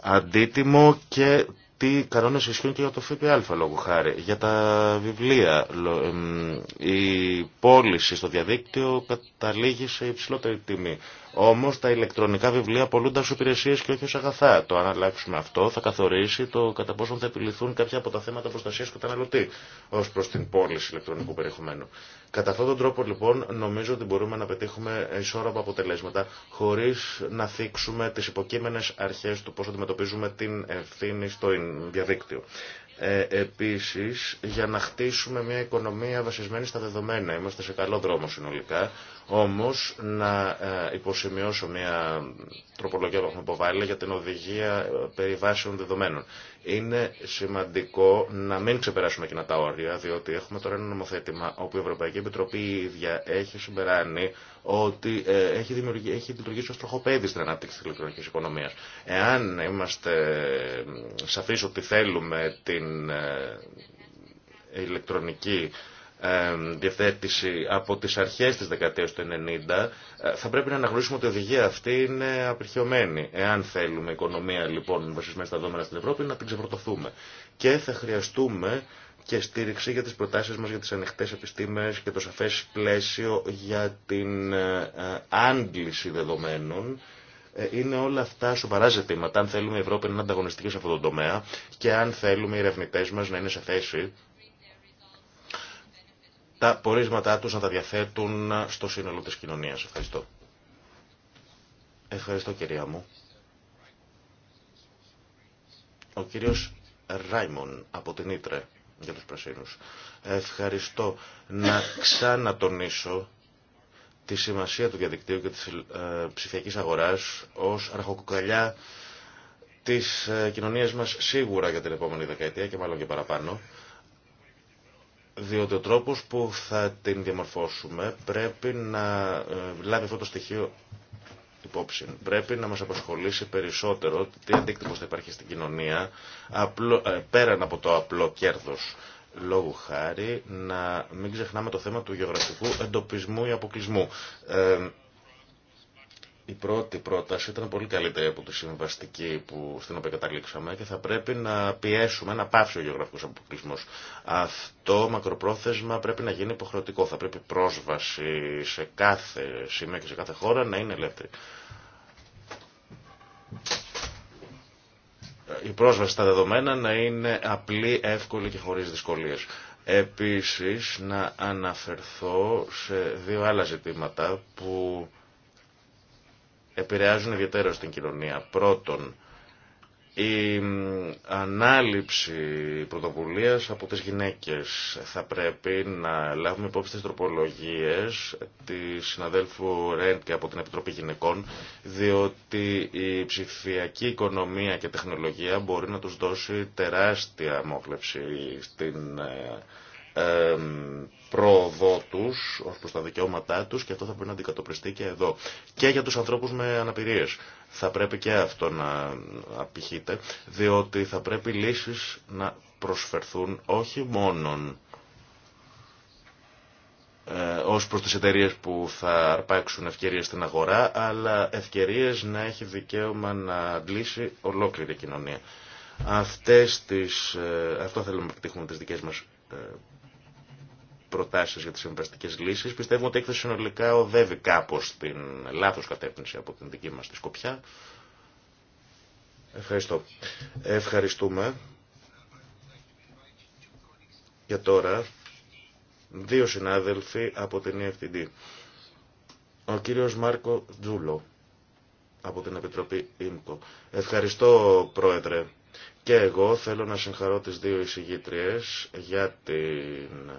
αντίτιμο και τι κανόνε ισχύουν και για το ΦΠΑ λόγου χάρη, για τα βιβλία. Η πώληση στο διαδίκτυο καταλήγει σε υψηλότερη τιμή. Όμω τα ηλεκτρονικά βιβλία πολλούνται ω υπηρεσίε και όχι ω αγαθά. Το αν αλλάξουμε αυτό θα καθορίσει το κατά πόσο θα επιληθούν κάποια από τα θέματα προστασία καταναλωτή ω προ την πώληση ηλεκτρονικού περιεχομένου. Κατά αυτόν τον τρόπο λοιπόν νομίζω ότι μπορούμε να πετύχουμε ισόρροπα αποτελέσματα χωρί να θίξουμε τι υποκείμενε αρχέ του πώ αντιμετωπίζουμε την ευθύνη στο διαδίκτυο. Ε, Επίση, για να χτίσουμε μια οικονομία βασισμένη στα δεδομένα. Είμαστε σε καλό δρόμο συνολικά, όμως να ε, υποσημειώσω μια τροπολογία που έχουμε υποβάλει για την οδηγία ε, περιβάσεων δεδομένων. Είναι σημαντικό να μην ξεπεράσουμε εκείνα τα όρια, διότι έχουμε τώρα ένα νομοθέτημα όπου η Ευρωπαϊκή Επιτροπή η ίδια έχει συμπεράνει ότι ε, έχει, δημιουργήσει, έχει λειτουργήσει ω τροχοπέδι στην ανάπτυξη της ηλεκτρονική οικονομίας. Εάν είμαστε σαφείς ότι θέλουμε την ηλεκτρονική διευθέτηση από τις αρχές της δεκαετίας του 90 ε, θα πρέπει να αναγνωρίσουμε ότι η οδηγία αυτή είναι απερχιωμένη. Εάν θέλουμε οικονομία λοιπόν βασισμένη στα δόμενα στην Ευρώπη να την ξεφορτωθούμε. Και θα χρειαστούμε και στήριξη για τις προτάσεις μας για τις ανοιχτές επιστήμες και το σαφές πλαίσιο για την ε, ε, άγκληση δεδομένων είναι όλα αυτά σοβαρά ζητήματα αν θέλουμε η Ευρώπη να είναι ανταγωνιστική σε αυτό το τομέα και αν θέλουμε οι ερευνητέ μα να είναι σε θέση τα πορίσματά τους να τα διαθέτουν στο σύνολο της κοινωνίας. Ευχαριστώ. Ευχαριστώ κυρία μου. Ο κύριος Ράιμον από την Ήτρε για τους Πρασίνους. Ευχαριστώ να ξανατονίσω τη σημασία του διαδικτύου και της ε, ψηφιακής αγοράς ως αρχοκοκαλιά της ε, κοινωνίας μας σίγουρα για την επόμενη δεκαετία και μάλλον και παραπάνω διότι ο τρόπος που θα την διαμορφώσουμε πρέπει να ε, λάβει αυτό το στοιχείο υπόψη. Πρέπει να μας απασχολήσει περισσότερο τι αντίκτυπος θα υπάρχει στην κοινωνία ε, πέραν από το απλό κέρδος λόγου χάρη να μην ξεχνάμε το θέμα του γεωγραφικού εντοπισμού ή αποκλεισμού. Ε, η πρώτη πρόταση ήταν πολύ καλύτερη από τη συμβαστική που, στην οποία καταλήξαμε και θα πρέπει να πιέσουμε, να πάψει ο γεωγραφικός αποκλεισμός. Αυτό μακροπρόθεσμα πρέπει να γίνει υποχρεωτικό. Θα πρέπει πρόσβαση σε κάθε σημείο και σε κάθε χώρα να είναι ελεύθερη. Η πρόσβαση στα δεδομένα να είναι απλή, εύκολη και χωρίς δυσκολίες. Επίσης να αναφερθώ σε δύο άλλα ζητήματα που επηρεάζουν ιδιαίτερα στην κοινωνία. Πρώτον, η ανάληψη πρωτοβουλίας από τις γυναίκες θα πρέπει να λάβουμε υπόψη τις τροπολογίες της συναδέλφου και από την Επιτροπή Γυναικών διότι η ψηφιακή οικονομία και τεχνολογία μπορεί να τους δώσει τεράστια μόχλευση στην ε, ε, πρόοδό του ω προ τα δικαιώματά του και αυτό θα πρέπει να αντικατοπιστεί και εδώ. Και για του ανθρώπου με αναπηρίε. Θα πρέπει και αυτό να απηχείται, διότι θα πρέπει λύσει να προσφερθούν όχι μόνον ε, ως προς τις εταιρείες που θα αρπάξουν ευκαιρίες στην αγορά, αλλά ευκαιρίες να έχει δικαίωμα να αντλήσει ολόκληρη η κοινωνία. Αυτές τις, ε, αυτό θέλουμε να επιτύχουμε τις δικές μας ε, προτάσεις για τις συμβαστικές λύσεις. Πιστεύουμε ότι η έκθεση συνολικά οδεύει κάπως την λάθος κατεύθυνση από την δική μας τη Σκοπιά. Ευχαριστώ. Ευχαριστούμε. Για τώρα, δύο συνάδελφοι από την EFTD. Ο κύριος Μάρκο Τζούλο από την Επιτροπή ΙΜΚΟ. Ευχαριστώ, Πρόεδρε. Και εγώ θέλω να συγχαρώ τις δύο εισηγήτριες για την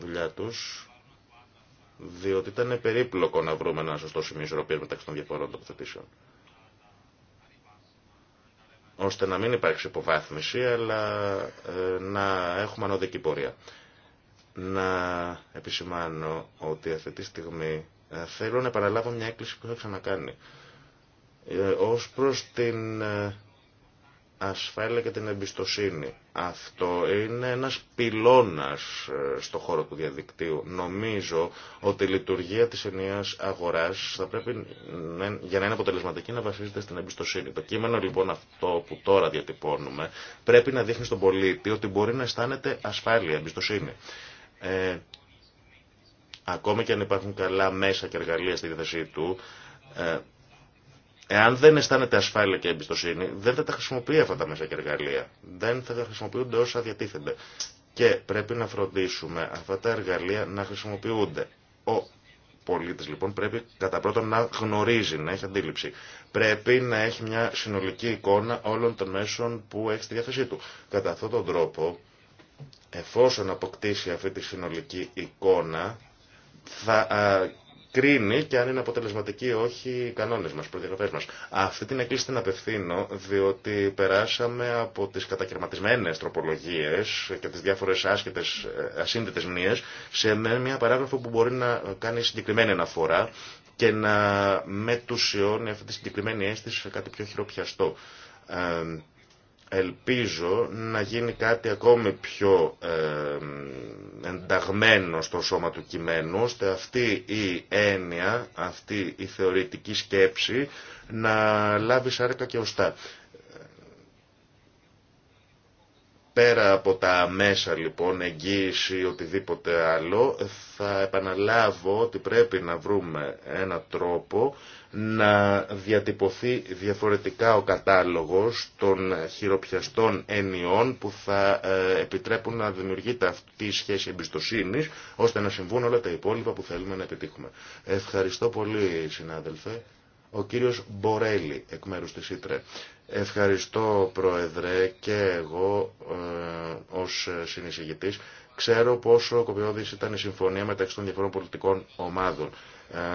δουλειά του. διότι ήταν περίπλοκο να βρούμε ένα σωστό σημείο ισορροπία μεταξύ των διαφορών τοποθετήσεων. Ώστε να μην υπάρξει υποβάθμιση, αλλά ε, να έχουμε ανωδική πορεία. Να επισημάνω ότι αυτή τη στιγμή ε, θέλω να επαναλάβω μια έκκληση που είχα ξανακάνει. Ε, ως προς την ασφάλεια και την εμπιστοσύνη. Αυτό είναι ένας πυλώνας ε, στο χώρο του διαδικτύου. Νομίζω ότι η λειτουργία της ενιαίας αγοράς θα πρέπει για να είναι αποτελεσματική να βασίζεται στην εμπιστοσύνη. Το κείμενο λοιπόν αυτό που τώρα διατυπώνουμε πρέπει να δείχνει στον πολίτη ότι μπορεί να αισθάνεται ασφάλεια, εμπιστοσύνη. Ε, ακόμη και αν υπάρχουν καλά μέσα και εργαλεία στη διάθεσή του, ε, Εάν δεν αισθάνεται ασφάλεια και εμπιστοσύνη, δεν θα τα χρησιμοποιεί αυτά τα μέσα και εργαλεία. Δεν θα τα χρησιμοποιούνται όσα διατίθενται. Και πρέπει να φροντίσουμε αυτά τα εργαλεία να χρησιμοποιούνται. Ο πολίτη λοιπόν πρέπει κατά πρώτον να γνωρίζει, να έχει αντίληψη. Πρέπει να έχει μια συνολική εικόνα όλων των μέσων που έχει στη διάθεσή του. Κατά αυτόν τον τρόπο, εφόσον αποκτήσει αυτή τη συνολική εικόνα, θα κρίνει και αν είναι αποτελεσματικοί ή όχι οι κανόνε μα, οι προδιαγραφέ μα. Αυτή την εκκλήση την απευθύνω διότι περάσαμε από τι κατακαιρματισμένε τροπολογίε και τι διάφορε άσχετε ασύνδετε μνήε σε μια παράγραφο που μπορεί να κάνει συγκεκριμένη αναφορά και να μετουσιώνει αυτή τη συγκεκριμένη αίσθηση σε κάτι πιο χειροπιαστό. Ε, Ελπίζω να γίνει κάτι ακόμη πιο ε, ενταγμένο στο σώμα του κειμένου, ώστε αυτή η έννοια, αυτή η θεωρητική σκέψη να λάβει σάρκα και οστά. Πέρα από τα μέσα λοιπόν, εγγύηση ή οτιδήποτε άλλο, θα επαναλάβω ότι πρέπει να βρούμε ένα τρόπο να διατυπωθεί διαφορετικά ο κατάλογος των χειροπιαστών ενιών που θα ε, επιτρέπουν να δημιουργείται αυτή η σχέση εμπιστοσύνης ώστε να συμβούν όλα τα υπόλοιπα που θέλουμε να επιτύχουμε. Ευχαριστώ πολύ συνάδελφε. Ο κύριος Μπορέλη, εκ μέρους της ΙΤΡΕ. Ευχαριστώ, Πρόεδρε, και εγώ ε, ως συνεισηγητής. Ξέρω πόσο κοπιώδης ήταν η συμφωνία μεταξύ των διαφορών πολιτικών ομάδων.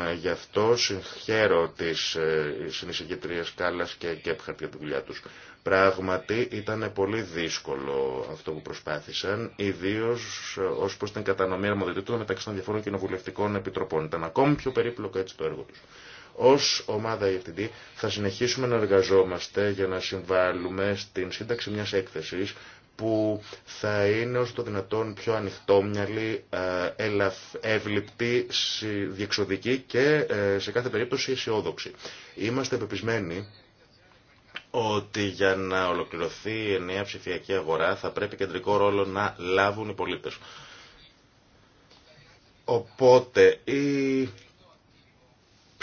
Ε, γι' αυτό συγχαίρω τις ε, συνεισηγητρίες Κάλλας και Κέπχαρτ για τη δουλειά τους. Πράγματι ήταν πολύ δύσκολο αυτό που προσπάθησαν, ιδίω ε, ω προ την κατανομή αρμοδιοτήτων μεταξύ των διαφόρων κοινοβουλευτικών επιτροπών. Ήταν ακόμη πιο περίπλοκο έτσι το έργο του. Ως ομάδα EFTD ε θα συνεχίσουμε να εργαζόμαστε για να συμβάλλουμε στην σύνταξη μιας έκθεσης που θα είναι ως το δυνατόν πιο ανοιχτόμυαλη, ε, εύληπτη, διεξοδική και ε, σε κάθε περίπτωση αισιόδοξη. Είμαστε πεπισμένοι ότι για να ολοκληρωθεί η νέα ψηφιακή αγορά θα πρέπει κεντρικό ρόλο να λάβουν οι πολίτες. Οπότε η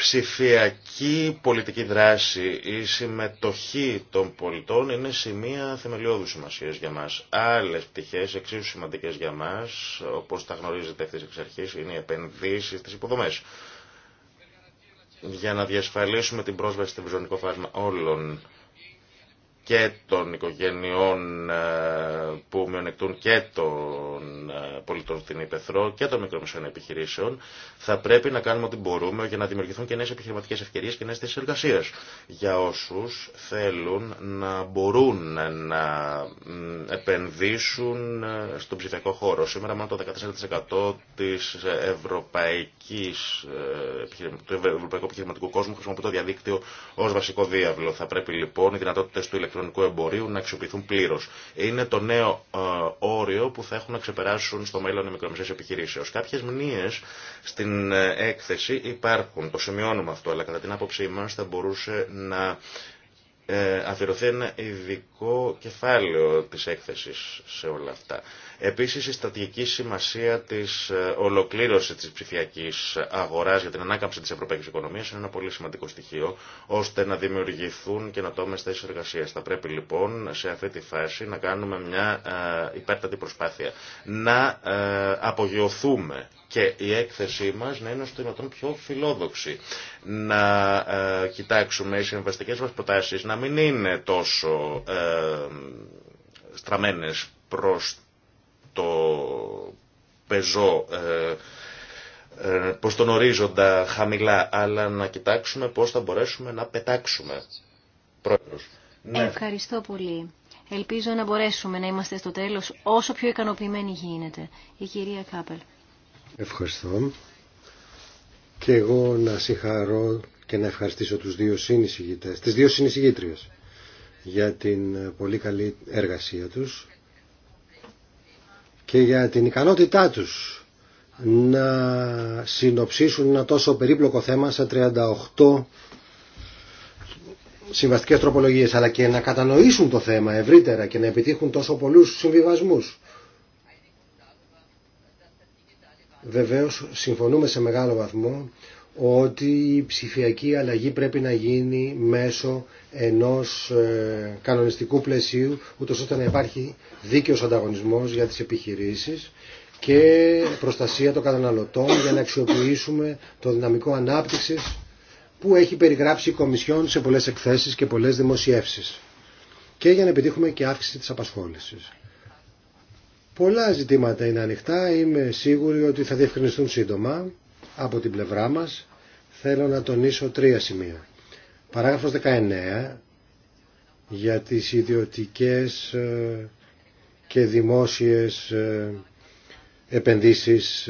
ψηφιακή πολιτική δράση, η συμμετοχή των πολιτών είναι σημεία θεμελιώδου σημασία για μα. Άλλε πτυχέ, εξίσου σημαντικέ για μα, όπως τα γνωρίζετε αυτή εξ αρχής, είναι οι επενδύσεις στι υποδομέ. Για να διασφαλίσουμε την πρόσβαση στο βιζονικό φάσμα όλων και των οικογενειών ε, που μειονεκτούν και των ε, πολιτών στην Υπεθρό και των μικρομεσαίων επιχειρήσεων, θα πρέπει να κάνουμε ό,τι μπορούμε για να δημιουργηθούν και νέε επιχειρηματικέ ευκαιρίε και νέε θέσει εργασία για όσου θέλουν να μπορούν να επενδύσουν ε, στον ψηφιακό χώρο. Σήμερα, μόνο το 14% της ευρωπαϊκής, του ευρωπαϊκού επιχειρηματικού κόσμου χρησιμοποιεί το διαδίκτυο ω βασικό διάβλο. Θα πρέπει λοιπόν οι δυνατότητε του ηλεκτρονικού εμπορίου να αξιοποιηθούν πλήρω. Είναι το νέο ε, όριο που θα έχουν να ξεπεράσουν στο μέλλον οι μικρομεσαίε επιχειρήσει. Κάποιε μνήε στην ε, έκθεση υπάρχουν, το σημειώνουμε αυτό, αλλά κατά την άποψή μα θα μπορούσε να ε, αφιερωθεί ένα ειδικό κεφάλαιο της έκθεσης σε όλα αυτά. Επίσης η στατική σημασία της ε, ολοκλήρωσης της ψηφιακής αγοράς για την ανάκαμψη της ευρωπαϊκής οικονομίας είναι ένα πολύ σημαντικό στοιχείο ώστε να δημιουργηθούν και να καινοτόμες θέσεις εργασίας. Θα πρέπει λοιπόν σε αυτή τη φάση να κάνουμε μια ε, υπέρτατη προσπάθεια να απογειωθούμε και η έκθεσή μας να είναι στο δυνατόν πιο φιλόδοξη. Να ε, κοιτάξουμε οι συμβαστικές μας προτάσεις να μην είναι τόσο ε, στραμμένες προς το πεζό ε, ε προς τον ορίζοντα χαμηλά, αλλά να κοιτάξουμε πώς θα μπορέσουμε να πετάξουμε. Πρόεδρος. Ναι. Ευχαριστώ πολύ. Ελπίζω να μπορέσουμε να είμαστε στο τέλος όσο πιο ικανοποιημένοι γίνεται. Η κυρία Κάπελ. Ευχαριστώ. Και εγώ να συγχαρώ και να ευχαριστήσω τους δύο συνεισηγητές, τις δύο συνεισηγήτριες για την πολύ καλή εργασία τους και για την ικανότητά τους να συνοψίσουν ένα τόσο περίπλοκο θέμα σε 38 συμβαστικές τροπολογίες αλλά και να κατανοήσουν το θέμα ευρύτερα και να επιτύχουν τόσο πολλούς συμβιβασμούς. Βεβαίως συμφωνούμε σε μεγάλο βαθμό ότι η ψηφιακή αλλαγή πρέπει να γίνει μέσω ενός ε, κανονιστικού πλαισίου ούτως ώστε να υπάρχει δίκαιος ανταγωνισμός για τις επιχειρήσεις και προστασία των καταναλωτών για να αξιοποιήσουμε το δυναμικό ανάπτυξης που έχει περιγράψει η Κομισιόν σε πολλές εκθέσεις και πολλές δημοσιεύσεις και για να επιτύχουμε και αύξηση της απασχόλησης. Πολλά ζητήματα είναι ανοιχτά, είμαι σίγουρη ότι θα διευκρινιστούν σύντομα από την πλευρά μας. Θέλω να τονίσω τρία σημεία. Παράγραφος 19 για τις ιδιωτικές ε, και δημόσιες ε, επενδύσεις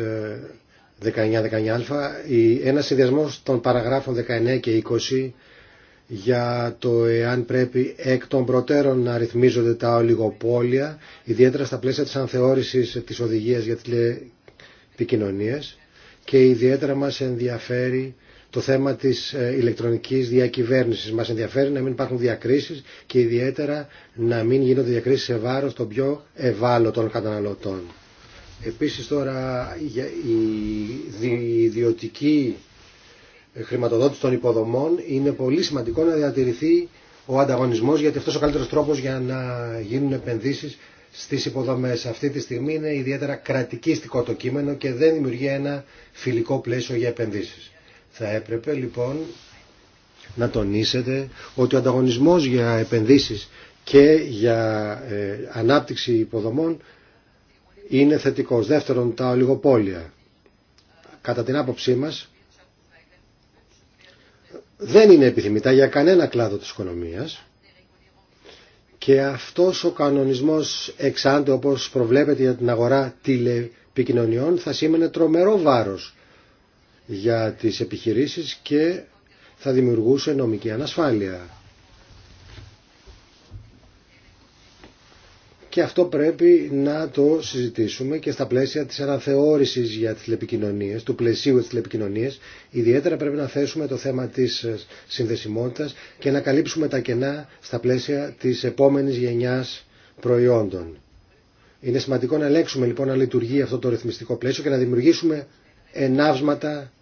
19-19α. Ε, ένας συνδυασμός των παραγράφων 19 και 20 για το εάν πρέπει εκ των προτέρων να ρυθμίζονται τα ολιγοπόλια, ιδιαίτερα στα πλαίσια της ανθεώρησης της οδηγίας για τις επικοινωνίες και ιδιαίτερα μας ενδιαφέρει το θέμα της ε, ηλεκτρονικής διακυβέρνησης. Μας ενδιαφέρει να μην υπάρχουν διακρίσεις και ιδιαίτερα να μην γίνονται διακρίσεις σε βάρος των πιο ευάλωτων καταναλωτών. Επίσης τώρα η ιδιωτική χρηματοδότηση των υποδομών είναι πολύ σημαντικό να διατηρηθεί ο ανταγωνισμός γιατί αυτός ο καλύτερος τρόπος για να γίνουν επενδύσεις στις υποδομές. Αυτή τη στιγμή είναι ιδιαίτερα κρατικίστικο το κείμενο και δεν δημιουργεί ένα φιλικό πλαίσιο για επενδύσεις. Θα έπρεπε λοιπόν να τονίσετε ότι ο ανταγωνισμό για επενδύσει και για ε, ανάπτυξη υποδομών είναι θετικός. Δεύτερον, τα ολιγοπόλια. Κατά την άποψή μας, δεν είναι επιθυμητά για κανένα κλάδο της οικονομίας και αυτός ο κανονισμός εξάντε όπως προβλέπεται για την αγορά τηλεπικοινωνιών θα σήμαινε τρομερό βάρος για τις επιχειρήσεις και θα δημιουργούσε νομική ανασφάλεια. και αυτό πρέπει να το συζητήσουμε και στα πλαίσια της αναθεώρησης για τις τηλεπικοινωνίες, του πλαισίου της τηλεπικοινωνίες. Ιδιαίτερα πρέπει να θέσουμε το θέμα της ε, συνδεσιμότητας και να καλύψουμε τα κενά στα πλαίσια της επόμενης γενιάς προϊόντων. Είναι σημαντικό να ελέγξουμε λοιπόν να λειτουργεί αυτό το ρυθμιστικό πλαίσιο και να δημιουργήσουμε ενάυσματα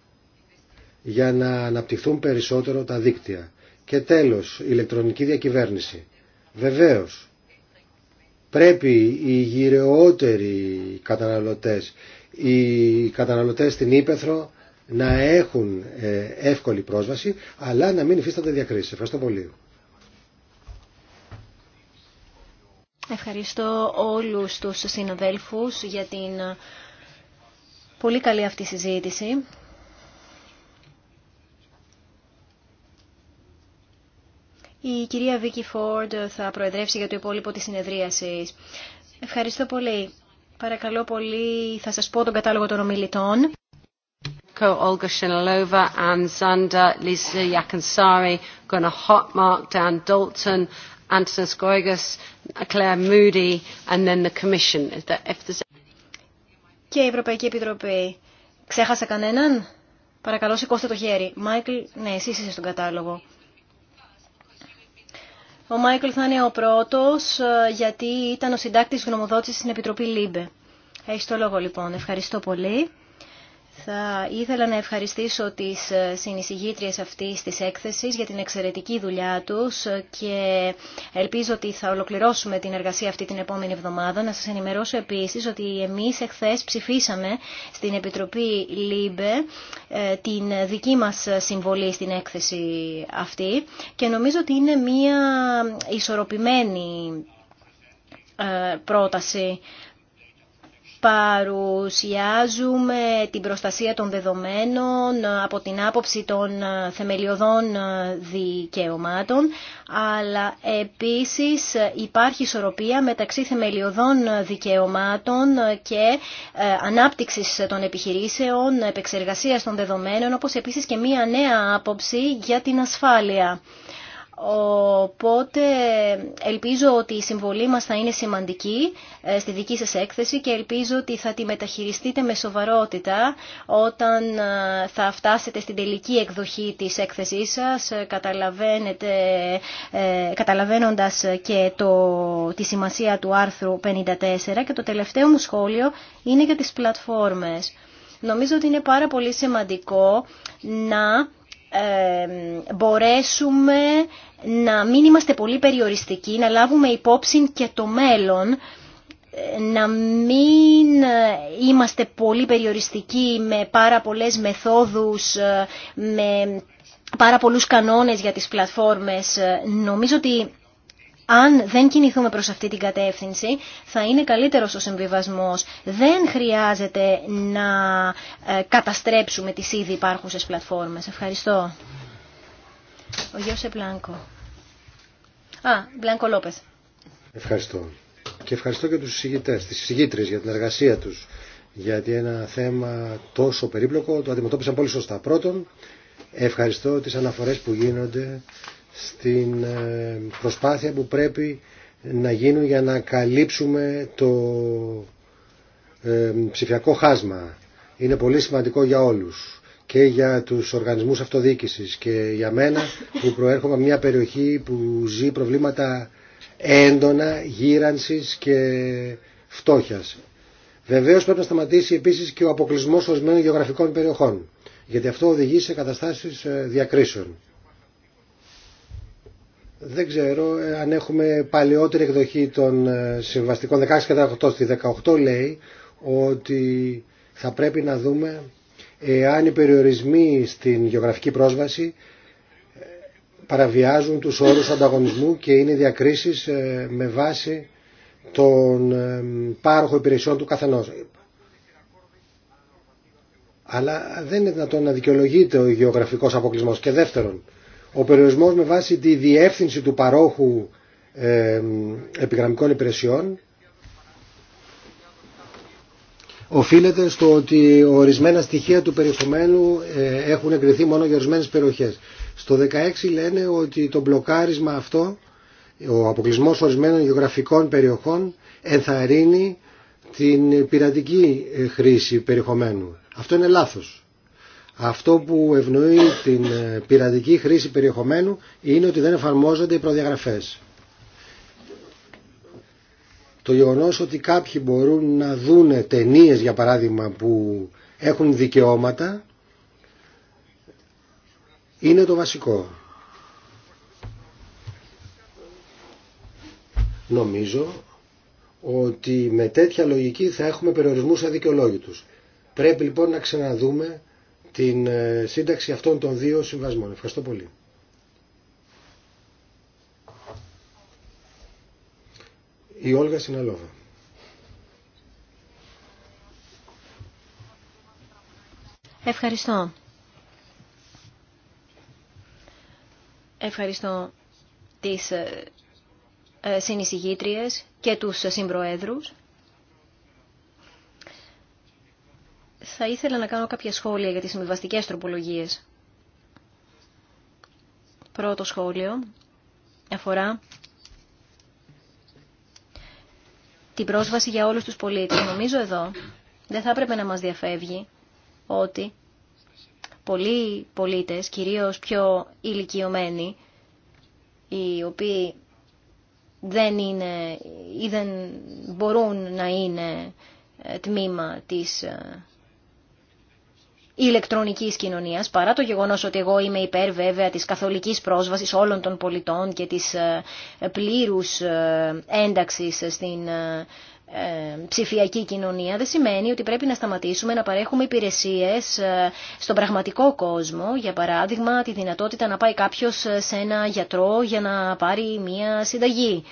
για να αναπτυχθούν περισσότερο τα δίκτυα. Και τέλος, ηλεκτρονική διακυβέρνηση. Βεβαίως, Πρέπει οι γυρεότεροι καταναλωτές, οι καταναλωτές στην Ήπεθρο να έχουν ε, εύκολη πρόσβαση, αλλά να μην υφίστανται διακρίσεις. Ευχαριστώ πολύ. Ευχαριστώ όλους τους συναδέλφους για την ε, πολύ καλή αυτή συζήτηση. Η κυρία Βίκη Φόρντ θα προεδρεύσει για το υπόλοιπο της συνεδρίασης. Ευχαριστώ πολύ. Παρακαλώ πολύ, θα σας πω τον κατάλογο των ομιλητών. Olga Shinalova, Zander, Lisa Yakansari, Gunnar Hotmark, Dan Dalton, Antonis Claire Moody, and then the Commission. Και η Ευρωπαϊκή Επιτροπή. Ξέχασα κανέναν? Παρακαλώ σηκώστε το χέρι. Μάικλ, ναι, εσείς είσαι στον κατάλογο. Ο Μάικλ θα είναι ο πρώτος ε, γιατί ήταν ο συντάκτης γνωμοδότησης στην Επιτροπή ΛΥΜΠΕ. Έχει το λόγο λοιπόν. Ευχαριστώ πολύ. Θα ήθελα να ευχαριστήσω τις ε, συνεισηγήτριες αυτής της έκθεσης για την εξαιρετική δουλειά τους και ελπίζω ότι θα ολοκληρώσουμε την εργασία αυτή την επόμενη εβδομάδα. Να σας ενημερώσω επίσης ότι εμείς εχθές ψηφίσαμε στην Επιτροπή ΛΥΜΠΕ ε, την δική μας συμβολή στην έκθεση αυτή και νομίζω ότι είναι μια ισορροπημένη ε, πρόταση παρουσιάζουμε την προστασία των δεδομένων από την άποψη των θεμελιωδών δικαιωμάτων, αλλά επίσης υπάρχει ισορροπία μεταξύ θεμελιωδών δικαιωμάτων και ε, ανάπτυξης των επιχειρήσεων, επεξεργασίας των δεδομένων, όπως επίσης και μία νέα άποψη για την ασφάλεια. Οπότε ελπίζω ότι η συμβολή μας θα είναι σημαντική ε, στη δική σας έκθεση και ελπίζω ότι θα τη μεταχειριστείτε με σοβαρότητα όταν ε, θα φτάσετε στην τελική εκδοχή της έκθεσής σας ε, καταλαβαίνετε, καταλαβαίνοντας και το, τη σημασία του άρθρου 54 και το τελευταίο μου σχόλιο είναι για τις πλατφόρμες. Νομίζω ότι είναι πάρα πολύ σημαντικό να μπορέσουμε να μην είμαστε πολύ περιοριστικοί, να λάβουμε υπόψη και το μέλλον, να μην είμαστε πολύ περιοριστικοί με πάρα πολλές μεθόδους, με πάρα πολλούς κανόνες για τις πλατφόρμες. Νομίζω ότι αν δεν κινηθούμε προς αυτή την κατεύθυνση, θα είναι καλύτερος ο συμβιβασμός. Δεν χρειάζεται να ε, καταστρέψουμε τις ήδη υπάρχουσες πλατφόρμες. Ευχαριστώ. Ο Γιώσε Μπλάνκο. Α, Μπλάνκο Λόπε. Ευχαριστώ. Και ευχαριστώ και του συζητητέ, τις συζητήτρες για την εργασία τους. Γιατί ένα θέμα τόσο περίπλοκο το αντιμετώπισαν πολύ σωστά. Πρώτον, ευχαριστώ τις αναφορές που γίνονται στην ε, προσπάθεια που πρέπει να γίνουν για να καλύψουμε το ε, ψηφιακό χάσμα. Είναι πολύ σημαντικό για όλους και για τους οργανισμούς αυτοδιοίκησης και για μένα που προέρχομαι από μια περιοχή που ζει προβλήματα έντονα γύρανσης και φτώχειας. Βεβαίως πρέπει να σταματήσει επίσης και ο αποκλεισμός ορισμένων γεωγραφικών περιοχών γιατί αυτό οδηγεί σε καταστάσεις ε, διακρίσεων. Δεν ξέρω ε, αν έχουμε παλαιότερη εκδοχή των ε, συμβαστικών 16 και 18. Στη 18 λέει ότι θα πρέπει να δούμε εάν οι περιορισμοί στην γεωγραφική πρόσβαση ε, παραβιάζουν τους όρους ανταγωνισμού και είναι διακρίσεις ε, με βάση τον ε, πάροχο υπηρεσιών του καθενός. Αλλά δεν είναι δυνατόν να δικαιολογείται ο γεωγραφικός αποκλεισμός. Και δεύτερον, ο περιορισμός με βάση τη διεύθυνση του παρόχου επιγραμμικών υπηρεσιών οφείλεται στο ότι ορισμένα στοιχεία του περιεχομένου ε, έχουν εγκριθεί μόνο για ορισμένε περιοχές. Στο 16 λένε ότι το μπλοκάρισμα αυτό, ο αποκλεισμό ορισμένων γεωγραφικών περιοχών ενθαρρύνει την πειρατική ε, χρήση περιεχομένου. Αυτό είναι λάθος. Αυτό που ευνοεί την ε, πειρατική χρήση περιεχομένου είναι ότι δεν εφαρμόζονται οι προδιαγραφές το γεγονός ότι κάποιοι μπορούν να δούνε ταινίε, για παράδειγμα που έχουν δικαιώματα είναι το βασικό. Νομίζω ότι με τέτοια λογική θα έχουμε περιορισμούς αδικαιολόγητους. Πρέπει λοιπόν να ξαναδούμε την ε, σύνταξη αυτών των δύο συμβασμών. Ευχαριστώ πολύ. η Όλγα Συναλόβα. Ευχαριστώ. Ευχαριστώ τις ε, ε, συνεισηγήτριες και τους συμπροέδρους. Θα ήθελα να κάνω κάποια σχόλια για τις συμβιβαστικές τροπολογίες. Πρώτο σχόλιο αφορά την πρόσβαση για όλους τους πολίτες. Νομίζω εδώ δεν θα έπρεπε να μας διαφεύγει ότι πολλοί πολίτες, κυρίως πιο ηλικιωμένοι, οι οποίοι δεν είναι ή δεν μπορούν να είναι τμήμα της ε, ηλεκτρονική κοινωνία, παρά το γεγονός ότι εγώ είμαι υπέρ βέβαια τη καθολική πρόσβασης όλων των πολιτών και της ε, πλήρους ε, ένταξης στην ε, ψηφιακή κοινωνία δεν σημαίνει ότι πρέπει να σταματήσουμε να παρέχουμε υπηρεσίες στον πραγματικό κόσμο. Για παράδειγμα, τη δυνατότητα να πάει κάποιος σε ένα γιατρό για να πάρει μία συνταγή.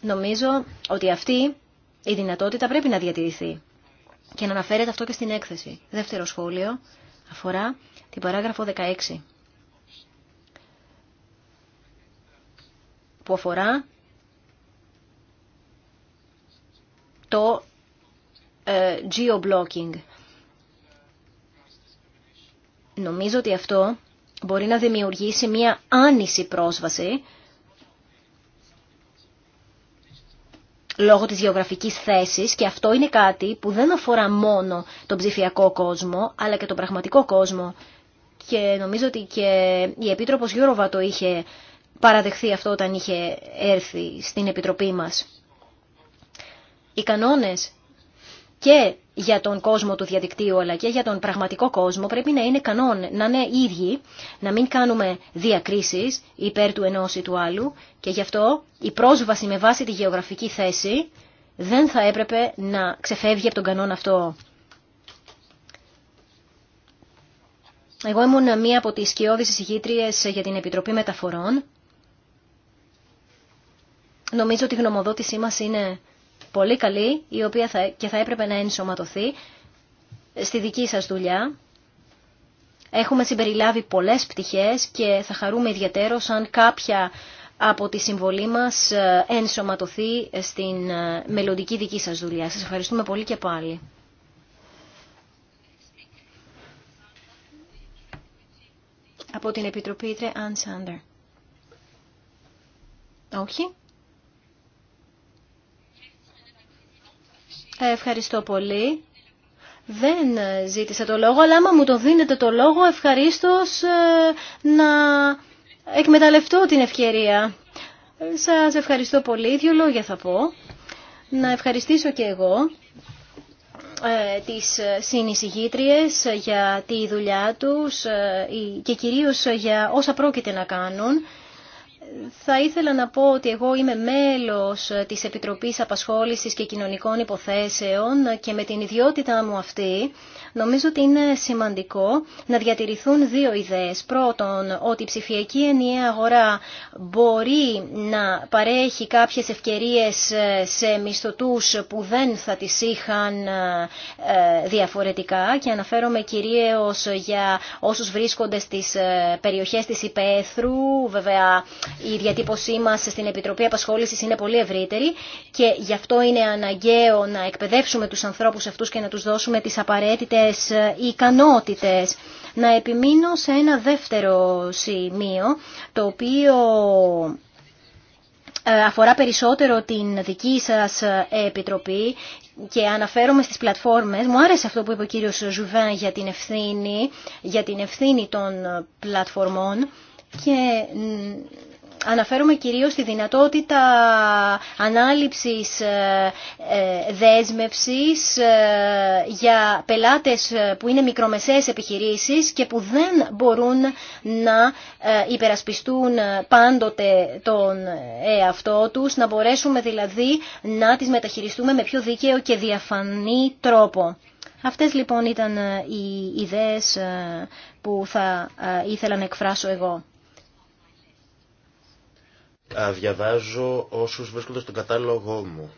Νομίζω ότι αυτή η δυνατότητα πρέπει να διατηρηθεί και να αναφέρεται αυτό και στην έκθεση. Δεύτερο σχόλιο αφορά την παράγραφο 16 που αφορά το ε, geo-blocking. Νομίζω ότι αυτό μπορεί να δημιουργήσει μία άνηση πρόσβαση λόγω της γεωγραφικής θέσης και αυτό είναι κάτι που δεν αφορά μόνο τον ψηφιακό κόσμο αλλά και τον πραγματικό κόσμο και νομίζω ότι και η Επίτροπος Γιώροβα το είχε παραδεχθεί αυτό όταν είχε έρθει στην Επιτροπή μας. Οι κανόνες και για τον κόσμο του διαδικτύου αλλά και για τον πραγματικό κόσμο πρέπει να είναι κανόν, να είναι ίδιοι, να μην κάνουμε διακρίσεις υπέρ του ενός ή του άλλου και γι' αυτό η πρόσβαση με βάση τη γεωγραφική θέση δεν θα έπρεπε να ξεφεύγει από τον κανόν αυτό. Εγώ ήμουν μία από τις σκιώδεις εισηγήτριες για την Επιτροπή Μεταφορών. Νομίζω ότι η γνωμοδότησή μας είναι πολύ καλή η οποία θα, και θα έπρεπε να ενσωματωθεί στη δική σας δουλειά. Έχουμε συμπεριλάβει πολλές πτυχές και θα χαρούμε ιδιαίτερο αν κάποια από τη συμβολή μας ε, ενσωματωθεί στην ε, μελλοντική δική σας δουλειά. Σας ευχαριστούμε πολύ και πάλι. Από την Επιτροπή Ιτρε Αν Σάντερ. Όχι. Ευχαριστώ πολύ. Δεν ζήτησα το λόγο, αλλά άμα μου το δίνετε το λόγο, ευχαρίστως ε, να εκμεταλλευτώ την ευκαιρία. Σας ευχαριστώ πολύ. Δύο λόγια θα πω. Να ευχαριστήσω και εγώ ε, τις συνεισηγήτριες για τη δουλειά τους ε, και κυρίως για όσα πρόκειται να κάνουν θα ήθελα να πω ότι εγώ είμαι μέλος της Επιτροπής Απασχόλησης και Κοινωνικών Υποθέσεων και με την ιδιότητά μου αυτή νομίζω ότι είναι σημαντικό να διατηρηθούν δύο ιδέες. Πρώτον, ότι η ψηφιακή ενιαία αγορά μπορεί να παρέχει κάποιες ευκαιρίες ε, σε μισθωτούς που δεν θα τις είχαν ε, ε, διαφορετικά και αναφέρομαι κυρίως για όσους βρίσκονται στις περιοχές της υπαίθρου, βέβαια η διατύπωσή μα στην Επιτροπή απασχόληση είναι πολύ ευρύτερη και γι' αυτό είναι αναγκαίο να εκπαιδεύσουμε τους ανθρώπους αυτούς και να τους δώσουμε τις απαραίτητες ικανότητες. Να επιμείνω σε ένα δεύτερο σημείο, το οποίο ε, αφορά περισσότερο την δική σας επιτροπή και αναφέρομαι στις πλατφόρμες. Μου άρεσε αυτό που είπε ο κύριος Ζουβέν για την ευθύνη, για την ευθύνη των πλατφορμών και αναφέρομαι κυρίως στη δυνατότητα ανάληψης ε, ε, δέσμευσης ε, για πελάτες που είναι μικρομεσαίες επιχειρήσεις και που δεν μπορούν να υπερασπιστούν πάντοτε τον εαυτό τους, να μπορέσουμε δηλαδή να τις μεταχειριστούμε με πιο δίκαιο και διαφανή τρόπο. Αυτές λοιπόν ήταν οι ιδέες που θα ήθελα να εκφράσω εγώ διαβάζω όσους βρίσκονται στον κατάλογό μου.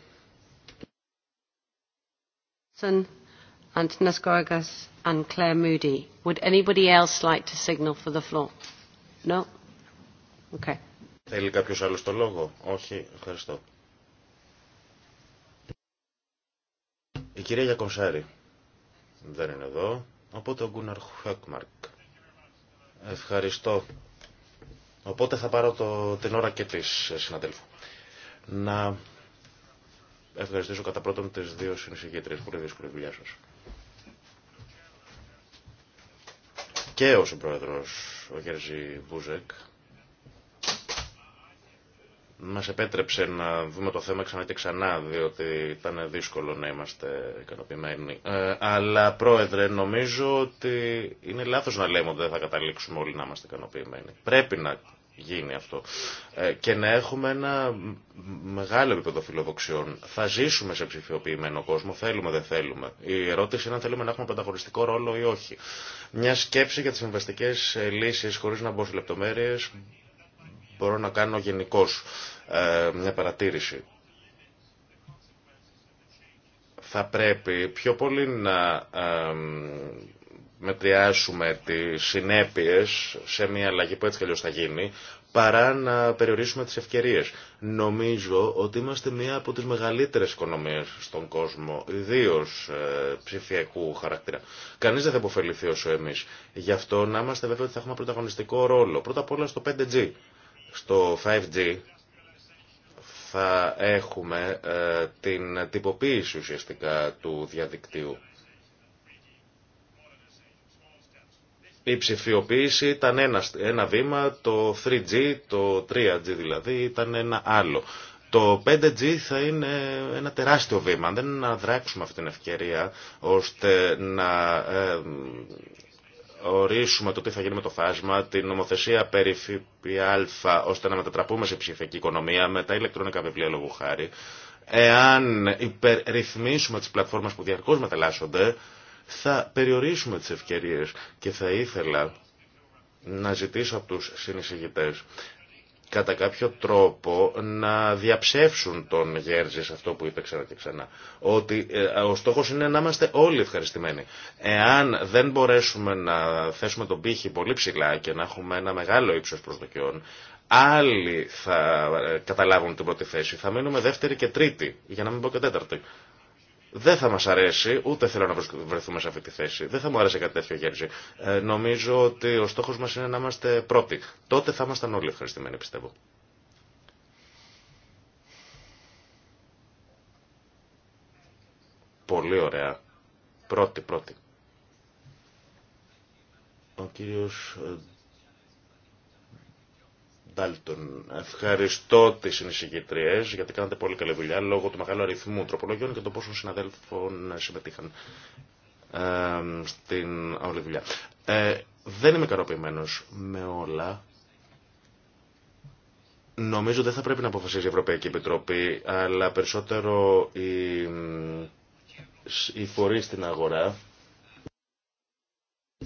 Antinas Gorgas and Claire Moody. Would anybody else like to signal for the floor? No? Okay. Θέλει κάποιος άλλος το λόγο? Όχι, ευχαριστώ. Η κυρία Γιακονσάρη δεν είναι εδώ, οπότε ο Γκούναρ Χουέκμαρκ. Ευχαριστώ, Οπότε θα πάρω το, την ώρα και της ε, συναδέλφου. Να ευχαριστήσω κατά πρώτον τις δύο που Πολύ δύσκολη δουλειά σας. Και ως ο πρόεδρος ο Γερζη Μπούζεκ Μα επέτρεψε να δούμε το θέμα ξανά και ξανά, διότι ήταν δύσκολο να είμαστε ικανοποιημένοι. Ε, αλλά, Πρόεδρε, νομίζω ότι είναι λάθος να λέμε ότι δεν θα καταλήξουμε όλοι να είμαστε ικανοποιημένοι. Πρέπει να γίνει αυτό. Ε, και να έχουμε ένα μεγάλο επίπεδο φιλοδοξιών. Θα ζήσουμε σε ψηφιοποιημένο κόσμο, θέλουμε δεν θέλουμε. Η ερώτηση είναι αν θέλουμε να έχουμε πενταχωριστικό ρόλο ή όχι. Μια σκέψη για τις συμβαστικές ε, λύσεις, χωρίς να μπω σε λεπτομέρειες, μπορώ να κάνω γενικώ. Ε, μια παρατήρηση. Θα πρέπει πιο πολύ να μετριάσουμε τις συνέπειες σε μια αλλαγή που έτσι κι θα γίνει, παρά να περιορίσουμε τις ευκαιρίες. Νομίζω ότι είμαστε μία από τις μεγαλύτερες οικονομίες στον κόσμο, ιδίω ε, ψηφιακού χαρακτήρα. Κανείς δεν θα υποφεληθεί όσο εμείς. Γι' αυτό να είμαστε βέβαιοι ότι θα έχουμε πρωταγωνιστικό ρόλο. Πρώτα απ' όλα στο 5G. Στο 5G θα έχουμε ε, την τυποποίηση ουσιαστικά του διαδικτύου. Η ψηφιοποίηση ήταν ένα, ένα βήμα, το 3G, το 3G δηλαδή ήταν ένα άλλο. Το 5G θα είναι ένα τεράστιο βήμα. Αν δεν αναδράξουμε αυτή την ευκαιρία ώστε να ε, ορίσουμε το τι θα γίνει με το φάσμα, την νομοθεσία περί ΦΠΑ, ώστε να μετατραπούμε σε ψηφιακή οικονομία, με τα ηλεκτρονικά βιβλία λόγου χάρη, εάν υπερρυθμίσουμε τις πλατφόρμες που διαρκώς μεταλλάσσονται, θα περιορίσουμε τις ευκαιρίες και θα ήθελα να ζητήσω από τους συνεισηγητές κατά κάποιο τρόπο να διαψεύσουν τον Γέρζη σε αυτό που είπε ξανά και ξανά. Ότι ε, ο στόχος είναι να είμαστε όλοι ευχαριστημένοι. Εάν δεν μπορέσουμε να θέσουμε τον πύχη πολύ ψηλά και να έχουμε ένα μεγάλο ύψος προσδοκιών, άλλοι θα ε, καταλάβουν την πρώτη θέση. Θα μείνουμε δεύτερη και τρίτη, για να μην πω και τέταρτη. Δεν θα μας αρέσει, ούτε θέλω να βρεθούμε σε αυτή τη θέση. Δεν θα μου αρέσει κάτι τέτοιο γέννηση. Ε, νομίζω ότι ο στόχος μας είναι να είμαστε πρώτοι. Τότε θα ήμασταν όλοι ευχαριστημένοι, πιστεύω. Πολύ ωραία. Πρώτη, πρώτη. Ο κύριος ε, Ντάλτον. Ευχαριστώ τι συνεισηγητριέ γιατί κάνατε πολύ καλή δουλειά λόγω του μεγάλου αριθμού τροπολογιών και των πόσων συναδέλφων συμμετείχαν στην όλη δουλειά. Ε, δεν είμαι ικανοποιημένο με όλα. Νομίζω δεν θα πρέπει να αποφασίζει η Ευρωπαϊκή Επιτροπή, αλλά περισσότερο η οι φορεί στην αγορά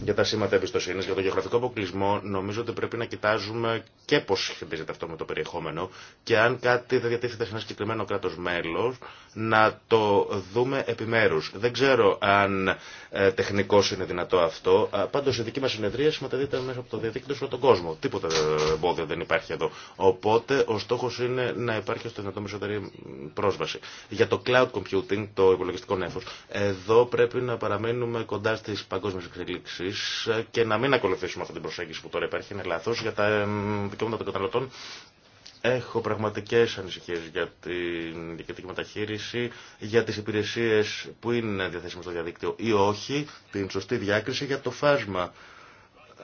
για τα σήματα εμπιστοσύνη, για το γεωγραφικό αποκλεισμό, νομίζω ότι πρέπει να κοιτάζουμε και πώ σχετίζεται αυτό με το περιεχόμενο και αν κάτι δεν διατίθεται σε ένα συγκεκριμένο κράτο μέλο, να το δούμε επιμέρου. Δεν ξέρω αν ε, τεχνικώ είναι δυνατό αυτό. Πάντω η δική μα συνεδρία σηματοδοτείται μέσα από το διαδίκτυο σε τον κόσμο. Τίποτα ε, εμπόδιο δεν υπάρχει εδώ. Οπότε ο στόχο είναι να υπάρχει ω το δυνατόν πρόσβαση. Για το cloud computing, το υπολογιστικό νέφο, εδώ πρέπει να παραμένουμε κοντά στι παγκόσμιε εξελίξει και να μην ακολουθήσουμε αυτή την προσέγγιση που τώρα υπάρχει, είναι λάθο για τα ε, δικαιώματα των καταναλωτών. Έχω πραγματικέ ανησυχίε για την δικαιωτική μεταχείριση, για τι υπηρεσίε που είναι διαθέσιμε στο διαδίκτυο ή όχι, την σωστή διάκριση για το φάσμα.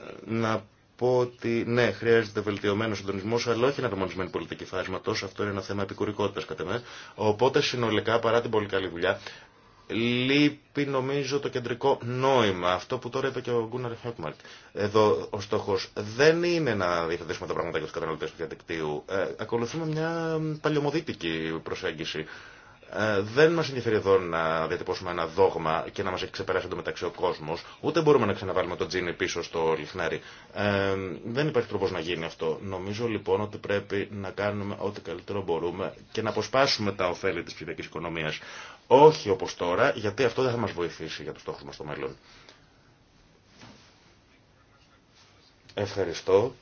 Ε, να πω ότι ναι, χρειάζεται βελτιωμένο συντονισμό, αλλά όχι αναδομονισμένη πολιτική φάσματο. Αυτό είναι ένα θέμα επικουρικότητα κατά μένα. Οπότε συνολικά, παρά την πολύ καλή δουλειά, λείπει νομίζω το κεντρικό νόημα. Αυτό που τώρα είπε και ο Γκούναρ Χέκμαρτ. Εδώ ο στόχο δεν είναι να διαθετήσουμε τα πράγματα για του καταναλωτέ του διαδικτύου. Ε, ακολουθούμε μια παλαιομοδίτικη προσέγγιση. Ε, δεν μα ενδιαφέρει εδώ να διατυπώσουμε ένα δόγμα και να μα έχει ξεπεράσει το μεταξύ ο κόσμο, ούτε μπορούμε να ξαναβάλουμε το τζίνι πίσω στο λιχνάρι. Ε, δεν υπάρχει τρόπο να γίνει αυτό. Νομίζω λοιπόν ότι πρέπει να κάνουμε ό,τι καλύτερο μπορούμε και να αποσπάσουμε τα ωφέλη τη ψηφιακή οικονομία. Όχι όπως τώρα, γιατί αυτό δεν θα μας βοηθήσει για τους στόχους μας στο μέλλον. Ευχαριστώ.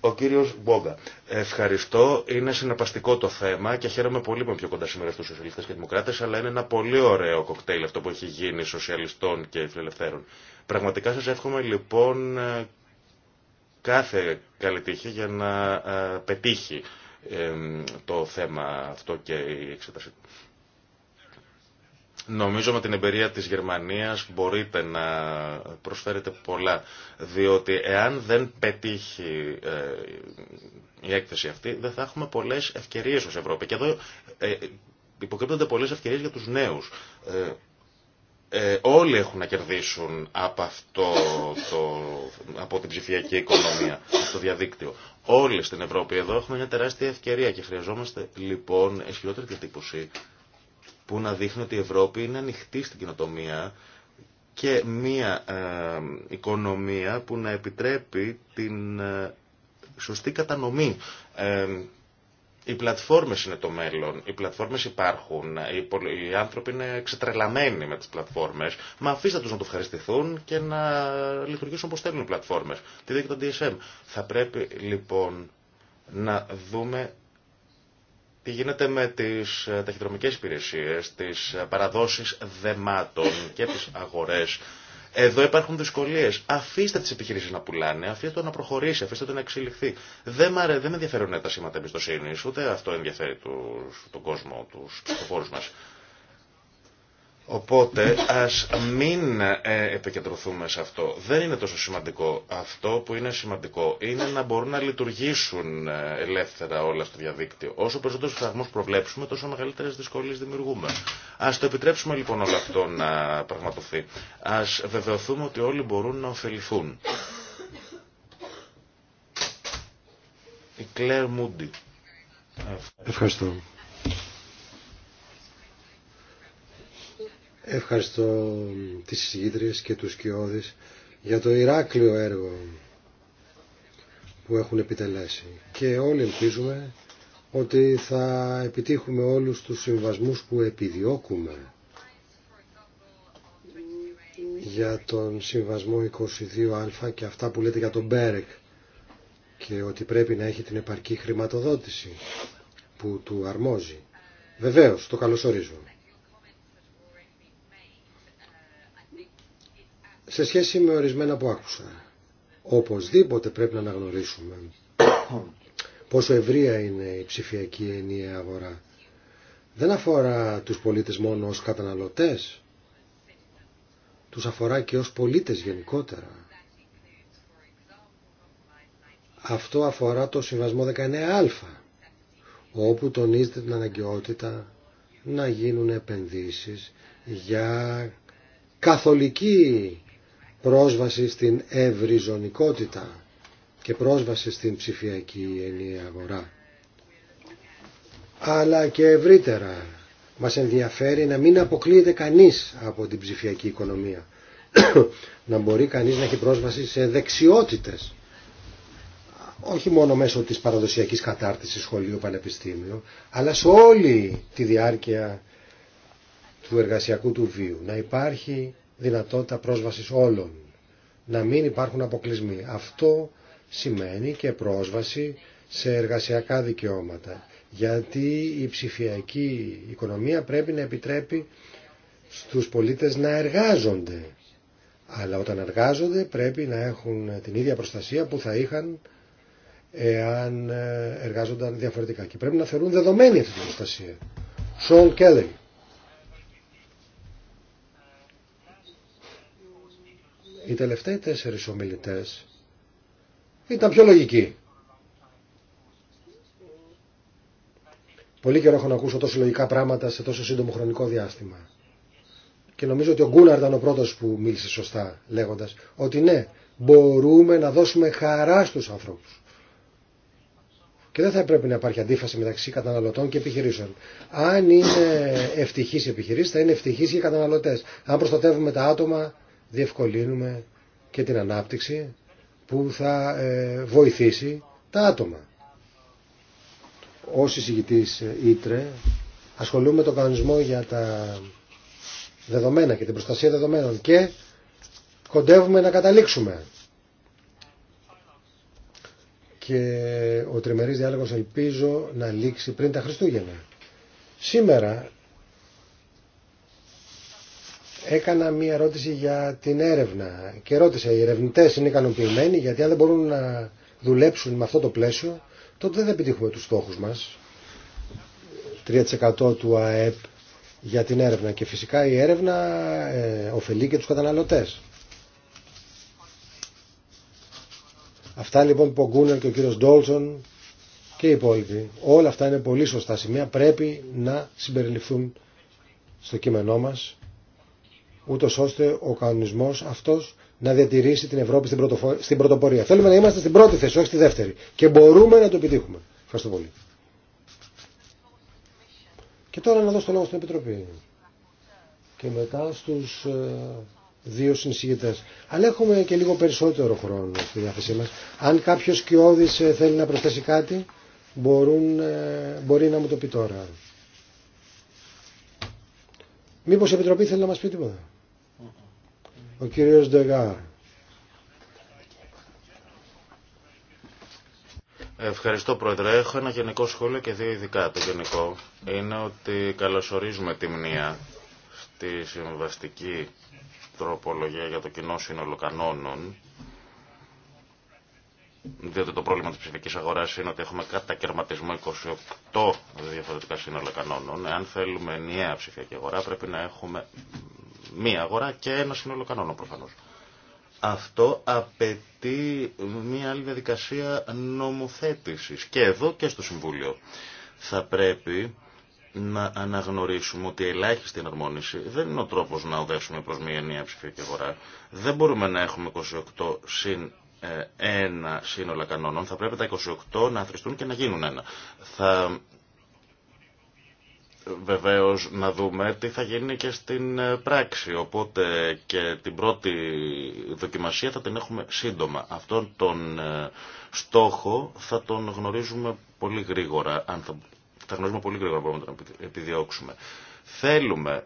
Ο κύριος Μπόγκα. Ευχαριστώ. Είναι συναπαστικό το θέμα και χαίρομαι πολύ που είμαι πιο κοντά σήμερα στους σοσιαλιστές και δημοκράτες, αλλά είναι ένα πολύ ωραίο κοκτέιλ αυτό που έχει γίνει σοσιαλιστών και φιλελευθέρων. Πραγματικά σας εύχομαι λοιπόν κάθε καλή τύχη για να ε, πετύχει το θέμα αυτό και η εξέταση του. Νομίζω με την εμπειρία της Γερμανίας μπορείτε να προσφέρετε πολλά, διότι εάν δεν πετύχει ε, η έκθεση αυτή, δεν θα έχουμε πολλές ευκαιρίες ως Ευρώπη. Και εδώ ε, υποκρύπτονται πολλές ευκαιρίες για τους νέους. Ε, όλοι έχουν να κερδίσουν από αυτό το, από την ψηφιακή οικονομία, από το διαδίκτυο. Όλοι στην Ευρώπη εδώ έχουμε μια τεράστια ευκαιρία και χρειαζόμαστε λοιπόν ισχυρότερη διατύπωση που να δείχνει ότι η Ευρώπη είναι ανοιχτή στην κοινοτομία και μία ε, οικονομία που να επιτρέπει την ε, σωστή κατανομή. Ε, οι πλατφόρμες είναι το μέλλον, οι πλατφόρμες υπάρχουν, οι άνθρωποι είναι εξετρελαμένοι με τις πλατφόρμες, μα αφήστε τους να το ευχαριστηθούν και να λειτουργήσουν όπως θέλουν οι πλατφόρμες. Τι δείχνει το DSM. Θα πρέπει λοιπόν να δούμε τι γίνεται με τις ε, ταχυδρομικές υπηρεσίες, τις ε, παραδόσεις δεμάτων και τις αγορές. Εδώ υπάρχουν δυσκολίες. Αφήστε τις επιχειρήσεις να πουλάνε, αφήστε το να προχωρήσει, αφήστε το να εξελιχθεί. Δεν, μαρε, δεν με ενδιαφέρουν τα σήματα εμπιστοσύνη, ούτε αυτό ενδιαφέρει τους, τον κόσμο, τους ψηφοφόρους μας. Οπότε ας μην ε, επικεντρωθούμε σε αυτό. Δεν είναι τόσο σημαντικό. Αυτό που είναι σημαντικό είναι να μπορούν να λειτουργήσουν ε, ελεύθερα όλα στο διαδίκτυο. Όσο περισσότερους φραγμούς προβλέψουμε, τόσο μεγαλύτερες δυσκολίες δημιουργούμε. Ας το επιτρέψουμε λοιπόν όλο αυτό να πραγματοθεί. Ας βεβαιωθούμε ότι όλοι μπορούν να ωφεληθούν. Η Κλέρ Μούντι. Ευχαριστώ. Ευχαριστώ τις συζητήτριες και τους κοιόδης για το Ηράκλειο έργο που έχουν επιτελέσει. Και όλοι ελπίζουμε ότι θα επιτύχουμε όλους τους συμβασμούς που επιδιώκουμε για τον συμβασμό 22α και αυτά που λέτε για τον Μπέρεκ και ότι πρέπει να έχει την επαρκή χρηματοδότηση που του αρμόζει. Βεβαίως, το καλωσορίζω. σε σχέση με ορισμένα που άκουσα. Οπωσδήποτε πρέπει να αναγνωρίσουμε πόσο ευρεία είναι η ψηφιακή ενιαία αγορά. Δεν αφορά τους πολίτες μόνο ως καταναλωτές, τους αφορά και ως πολίτες γενικότερα. Αυτό αφορά το Συμβασμό 19α, όπου τονίζεται την αναγκαιότητα να γίνουν επενδύσεις για καθολική πρόσβαση στην ευρυζωνικότητα και πρόσβαση στην ψηφιακή ενιαία αγορά. Αλλά και ευρύτερα μας ενδιαφέρει να μην αποκλείεται κανείς από την ψηφιακή οικονομία. [COUGHS] να μπορεί κανείς να έχει πρόσβαση σε δεξιότητες. Όχι μόνο μέσω της παραδοσιακής κατάρτισης σχολείου πανεπιστήμιο, αλλά σε όλη τη διάρκεια του εργασιακού του βίου. Να υπάρχει δυνατότητα πρόσβασης όλων. Να μην υπάρχουν αποκλεισμοί. Αυτό σημαίνει και πρόσβαση σε εργασιακά δικαιώματα. Γιατί η ψηφιακή οικονομία πρέπει να επιτρέπει στους πολίτες να εργάζονται. Αλλά όταν εργάζονται πρέπει να έχουν την ίδια προστασία που θα είχαν εάν ε, εργάζονταν διαφορετικά. Και πρέπει να θεωρούν δεδομένη αυτή την προστασία. Σόλ Κέλλερ. Οι τελευταίοι τέσσερις ομιλητές ήταν πιο λογικοί. Πολύ καιρό έχω να ακούσω τόσο λογικά πράγματα σε τόσο σύντομο χρονικό διάστημα. Και νομίζω ότι ο Γκούναρ ήταν ο πρώτος που μίλησε σωστά λέγοντας ότι ναι, μπορούμε να δώσουμε χαρά στους ανθρώπους. Και δεν θα πρέπει να υπάρχει αντίφαση μεταξύ καταναλωτών και επιχειρήσεων. Αν είναι ευτυχεί οι επιχειρήσει, θα είναι ευτυχεί και οι καταναλωτέ. Αν προστατεύουμε τα άτομα, διευκολύνουμε και την ανάπτυξη που θα ε, βοηθήσει τα άτομα. όσοι συγητής ε, Ήτρε ασχολούμαι με τον κανονισμό για τα δεδομένα και την προστασία δεδομένων και κοντεύουμε να καταλήξουμε. Και ο τριμερής διάλογος ελπίζω να λήξει πριν τα Χριστούγεννα. Σήμερα έκανα μία ερώτηση για την έρευνα και ρώτησα οι ερευνητέ είναι ικανοποιημένοι γιατί αν δεν μπορούν να δουλέψουν με αυτό το πλαίσιο τότε δεν επιτύχουμε τους στόχους μας 3% του ΑΕΠ για την έρευνα και φυσικά η έρευνα ε, ωφελεί και τους καταναλωτές. Αυτά λοιπόν που ο Γκούνερ και ο κύριος Ντόλσον και οι υπόλοιποι, όλα αυτά είναι πολύ σωστά σημεία, πρέπει να συμπεριληφθούν στο κείμενό μας ούτως ώστε ο κανονισμός αυτός να διατηρήσει την Ευρώπη στην, στην πρωτοπορία. Θέλουμε να είμαστε στην πρώτη θέση, όχι στη δεύτερη. Και μπορούμε να το επιτύχουμε. Ευχαριστώ πολύ. Και τώρα να δώσω το λόγο στην Επιτροπή. Και μετά στους ε, δύο συνσηγητές. Αλλά έχουμε και λίγο περισσότερο χρόνο στη διάθεσή μας. Αν κάποιος κοιόδης ε, θέλει να προσθέσει κάτι, μπορούν, ε, μπορεί να μου το πει τώρα. Μήπως η Επιτροπή θέλει να μας πει τίποτα. Ο κύριος Ντεγάρ. Ευχαριστώ Πρόεδρε. Έχω ένα γενικό σχόλιο και δύο ειδικά. Το γενικό είναι ότι καλωσορίζουμε τη μνήμα στη συμβαστική τροπολογία για το κοινό σύνολο κανόνων διότι το πρόβλημα της ψηφικής αγοράς είναι ότι έχουμε κατακαιρματισμό 28 διαφορετικά σύνολα κανόνων. Εάν θέλουμε ενιαία ψηφιακή αγορά πρέπει να έχουμε μία αγορά και ένα σύνολο κανονα προφανώς. Αυτό απαιτεί μία άλλη διαδικασία νομοθέτησης και εδώ και στο Συμβούλιο. Θα πρέπει να αναγνωρίσουμε ότι η ελάχιστη εναρμόνιση δεν είναι ο τρόπος να οδεύσουμε προς μία νέα ψηφιακή αγορά. Δεν μπορούμε να έχουμε 28 συν ε, ένα σύνολα κανόνων. Θα πρέπει τα 28 να αθρηστούν και να γίνουν ένα. Θα βεβαίως να δούμε τι θα γίνει και στην ε, πράξη. Οπότε και την πρώτη δοκιμασία θα την έχουμε σύντομα. Αυτόν τον ε, στόχο θα τον γνωρίζουμε πολύ γρήγορα, αν θα, γνωρίζουμε πολύ γρήγορα πρόβλημα να επιδιώξουμε. Θέλουμε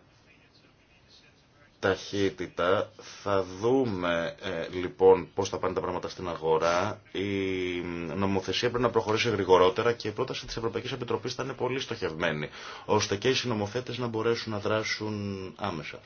ταχύτητα. Θα δούμε ε, λοιπόν πώς θα πάνε τα πράγματα στην αγορά. Η νομοθεσία πρέπει να προχωρήσει γρηγορότερα και η πρόταση της Ευρωπαϊκής Επιτροπής θα είναι πολύ στοχευμένη, ώστε και οι συνομοθέτες να μπορέσουν να δράσουν άμεσα.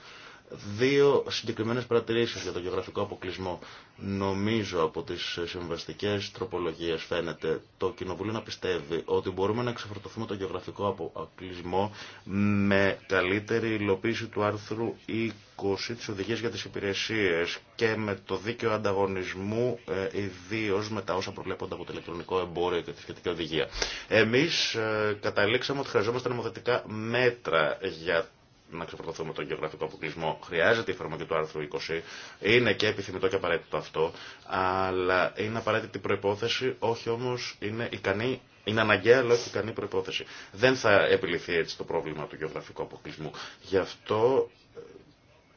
Δύο συγκεκριμένες παρατηρήσεις για το γεωγραφικό αποκλεισμό. Νομίζω από τις συμβαστικές τροπολογίες φαίνεται το Κοινοβούλιο να πιστεύει ότι μπορούμε να ξεφορτωθούμε το γεωγραφικό αποκλεισμό με καλύτερη υλοποίηση του άρθρου 20 της Οδηγίας για τις Υπηρεσίες και με το δίκαιο ανταγωνισμού ε, ιδίω με τα όσα προβλέπονται από το ηλεκτρονικό εμπόριο και τη σχετική οδηγία. Εμείς ε, καταλήξαμε ότι χρειαζόμαστε νομοθετικά μέτρα για να ξεφορτωθούμε τον γεωγραφικό αποκλεισμό. Χρειάζεται η εφαρμογή του άρθρου 20. Είναι και επιθυμητό και απαραίτητο αυτό. Αλλά είναι απαραίτητη προπόθεση, όχι όμω είναι ικανή είναι αναγκαία, αλλά όχι ικανή προπόθεση. Δεν θα επιληθεί έτσι το πρόβλημα του γεωγραφικού αποκλεισμού. Γι' αυτό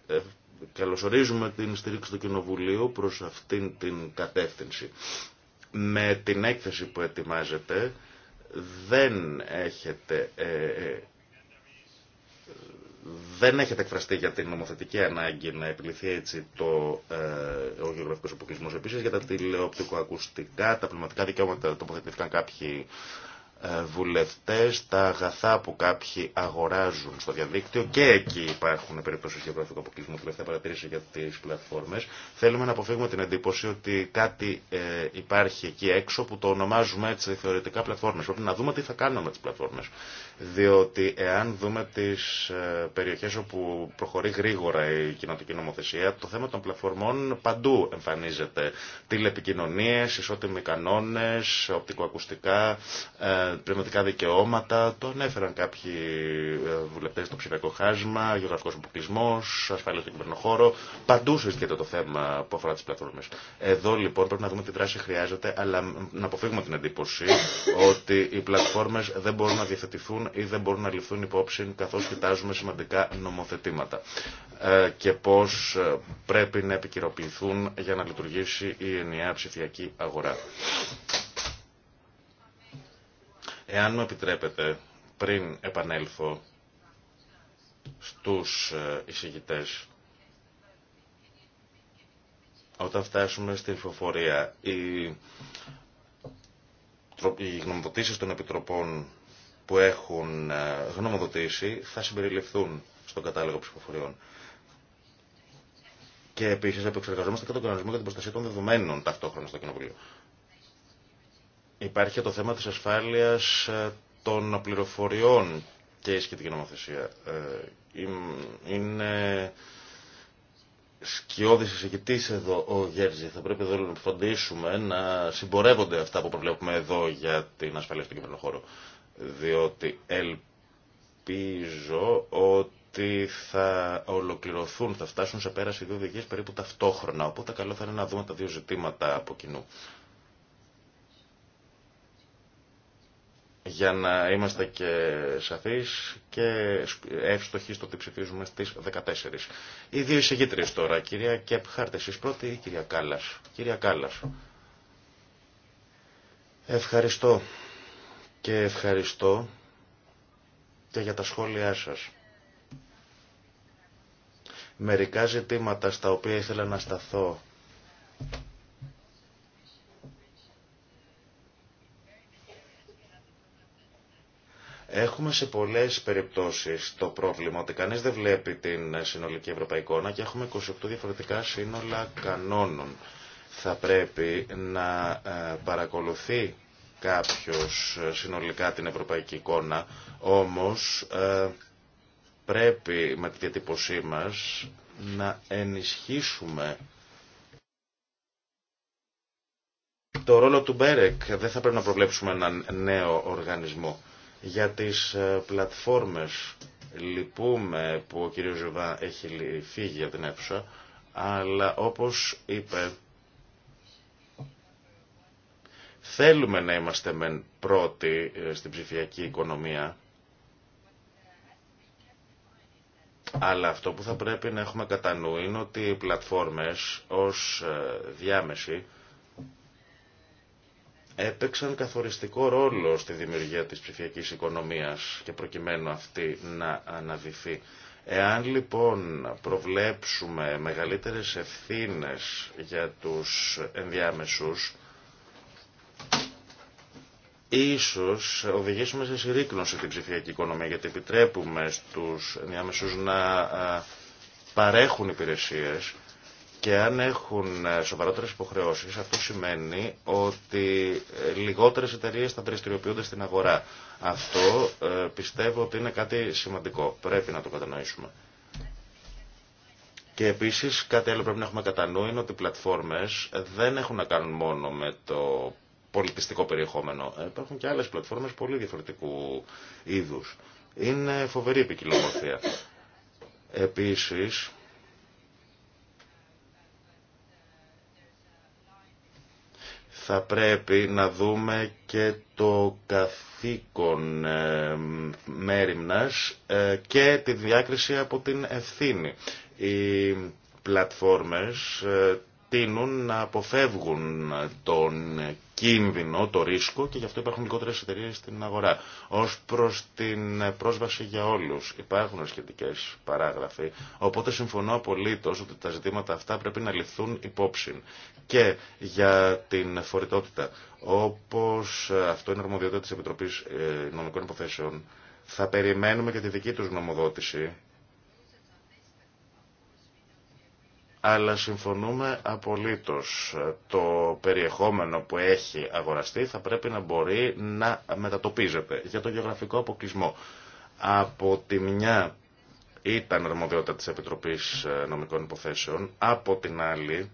ε, ε, καλωσορίζουμε την στήριξη του Κοινοβουλίου προς αυτήν την κατεύθυνση. Με την έκθεση που ετοιμάζεται δεν έχετε ε, ε, δεν έχετε εκφραστεί για την νομοθετική ανάγκη να επιληθεί έτσι το, ε, ο γεωγραφικό αποκλεισμό. επίση για τα τηλεοπτικοακουστικά, τα πνευματικά δικαιώματα τοποθετήθηκαν κάποιοι ε, βουλευτές, τα αγαθά που κάποιοι αγοράζουν στο διαδίκτυο και εκεί υπάρχουν περιπτώσεις γεωγραφικού που θα παρατηρήσει για τις πλατφόρμες. Θέλουμε να αποφύγουμε την εντύπωση ότι κάτι ε, υπάρχει εκεί έξω που το ονομάζουμε έτσι θεωρητικά πλατφόρμες. Πρέπει να δούμε τι θα κάνουμε με τις πλατφόρμες. Διότι εάν δούμε τις ε, περιοχές όπου προχωρεί γρήγορα η κοινοτική νομοθεσία, το θέμα των πλατφορμών παντού εμφανίζεται. Τηλεπικοινωνίες, ισότιμοι κανόνες, οπτικοακουστικά, ε, πνευματικά δικαιώματα, το ανέφεραν κάποιοι ε, βουλευτέ στο ψηφιακό χάσμα, γεωγραφικό αποκλεισμό, ασφάλεια στον χώρο. Παντού συζητιέται το θέμα που αφορά τι πλατφόρμες. Εδώ λοιπόν πρέπει να δούμε τι δράση χρειάζεται, αλλά να αποφύγουμε την εντύπωση [LAUGHS] ότι οι πλατφόρμε δεν μπορούν να διαθετηθούν ή δεν μπορούν να ληφθούν υπόψη καθώ κοιτάζουμε σημαντικά νομοθετήματα ε, και πώς ε, πρέπει να επικυροποιηθούν για να λειτουργήσει η ενιαία ψηφιακή αγορά. Εάν μου επιτρέπετε, πριν επανέλθω στους ε, εισηγητές, όταν φτάσουμε στην ψηφοφορία, οι, οι γνωμοδοτήσεις των επιτροπών που έχουν ε, γνωμοδοτήσει θα συμπεριληφθούν στον κατάλογο ψηφοφοριών. Και επίσης επεξεργαζόμαστε και τον κανονισμό για την προστασία των δεδομένων ταυτόχρονα στο Κοινοβουλίο. Υπάρχει το θέμα της ασφάλειας ε, των πληροφοριών και η σχετική νομοθεσία. Ε, είναι σκιώδης εισηγητής εδώ ο Γέρζη. Θα πρέπει εδώ να φροντίσουμε να συμπορεύονται αυτά που προβλέπουμε εδώ για την ασφαλεία στον χώρο. Διότι ελπίζω ότι θα ολοκληρωθούν, θα φτάσουν σε πέραση δύο περίπου ταυτόχρονα. Οπότε καλό θα είναι να δούμε τα δύο ζητήματα από κοινού. για να είμαστε και σαφείς και εύστοχοι στο ότι ψηφίζουμε στις 14. Οι δύο εισηγήτρες τώρα, κυρία Κεπχάρτ, εσείς πρώτη ή κυρία Κάλλας. Κυρία Κάλλας. Ευχαριστώ και ευχαριστώ και για τα σχόλιά σας. Μερικά ζητήματα στα οποία ήθελα να σταθώ Έχουμε σε πολλές περιπτώσεις το πρόβλημα ότι κανείς δεν βλέπει την συνολική ευρωπαϊκή εικόνα και έχουμε 28 διαφορετικά σύνολα κανόνων. Θα πρέπει να ε, παρακολουθεί κάποιος ε, συνολικά την ευρωπαϊκή εικόνα, όμως ε, πρέπει με τη διατύπωσή μας να ενισχύσουμε το ρόλο του Μπέρεκ. Δεν θα πρέπει να προβλέψουμε έναν νέο οργανισμό. Για τις ε, πλατφόρμες λυπούμε που ο κύριος Ζουβά έχει φύγει από την αίθουσα, αλλά όπως είπε θέλουμε να είμαστε μεν πρώτοι ε, στην ψηφιακή οικονομία, αλλά αυτό που θα πρέπει να έχουμε κατά νου είναι ότι οι πλατφόρμες ως ε, διάμεση έπαιξαν καθοριστικό ρόλο στη δημιουργία της ψηφιακής οικονομίας και προκειμένου αυτή να αναδυθεί. Εάν λοιπόν προβλέψουμε μεγαλύτερες ευθύνες για τους ενδιάμεσους, ίσως οδηγήσουμε σε συρρήκνωση την ψηφιακή οικονομία, γιατί επιτρέπουμε στους ενδιάμεσους να παρέχουν υπηρεσίες, και αν έχουν ε, σοβαρότερε υποχρεώσει, αυτό σημαίνει ότι ε, λιγότερε εταιρείε θα δραστηριοποιούνται στην αγορά. Αυτό ε, πιστεύω ότι είναι κάτι σημαντικό. Πρέπει να το κατανοήσουμε. Και επίση, κάτι άλλο πρέπει να έχουμε κατά νου είναι ότι οι πλατφόρμες δεν έχουν να κάνουν μόνο με το πολιτιστικό περιεχόμενο. Υπάρχουν και άλλε πλατφόρμε πολύ διαφορετικού είδου. Είναι φοβερή επικοινωνία. Επίσης, θα πρέπει να δούμε και το καθήκον ε, ε, και τη διάκριση από την ευθύνη. Οι πλατφόρμες ε, τείνουν να αποφεύγουν τον κίνδυνο, το ρίσκο και γι' αυτό υπάρχουν λιγότερε εταιρείε στην αγορά. Ω προ την πρόσβαση για όλου υπάρχουν σχετικέ παράγραφοι, οπότε συμφωνώ απολύτω ότι τα ζητήματα αυτά πρέπει να ληφθούν υπόψη. Και για την φορητότητα, όπω αυτό είναι αρμοδιότητα τη Επιτροπή ε, Νομικών Υποθέσεων, θα περιμένουμε και τη δική του γνωμοδότηση αλλά συμφωνούμε απολύτως. Το περιεχόμενο που έχει αγοραστεί θα πρέπει να μπορεί να μετατοπίζεται για το γεωγραφικό αποκλεισμό. Από τη μια ήταν αρμοδιότητα της Επιτροπής Νομικών Υποθέσεων, από την άλλη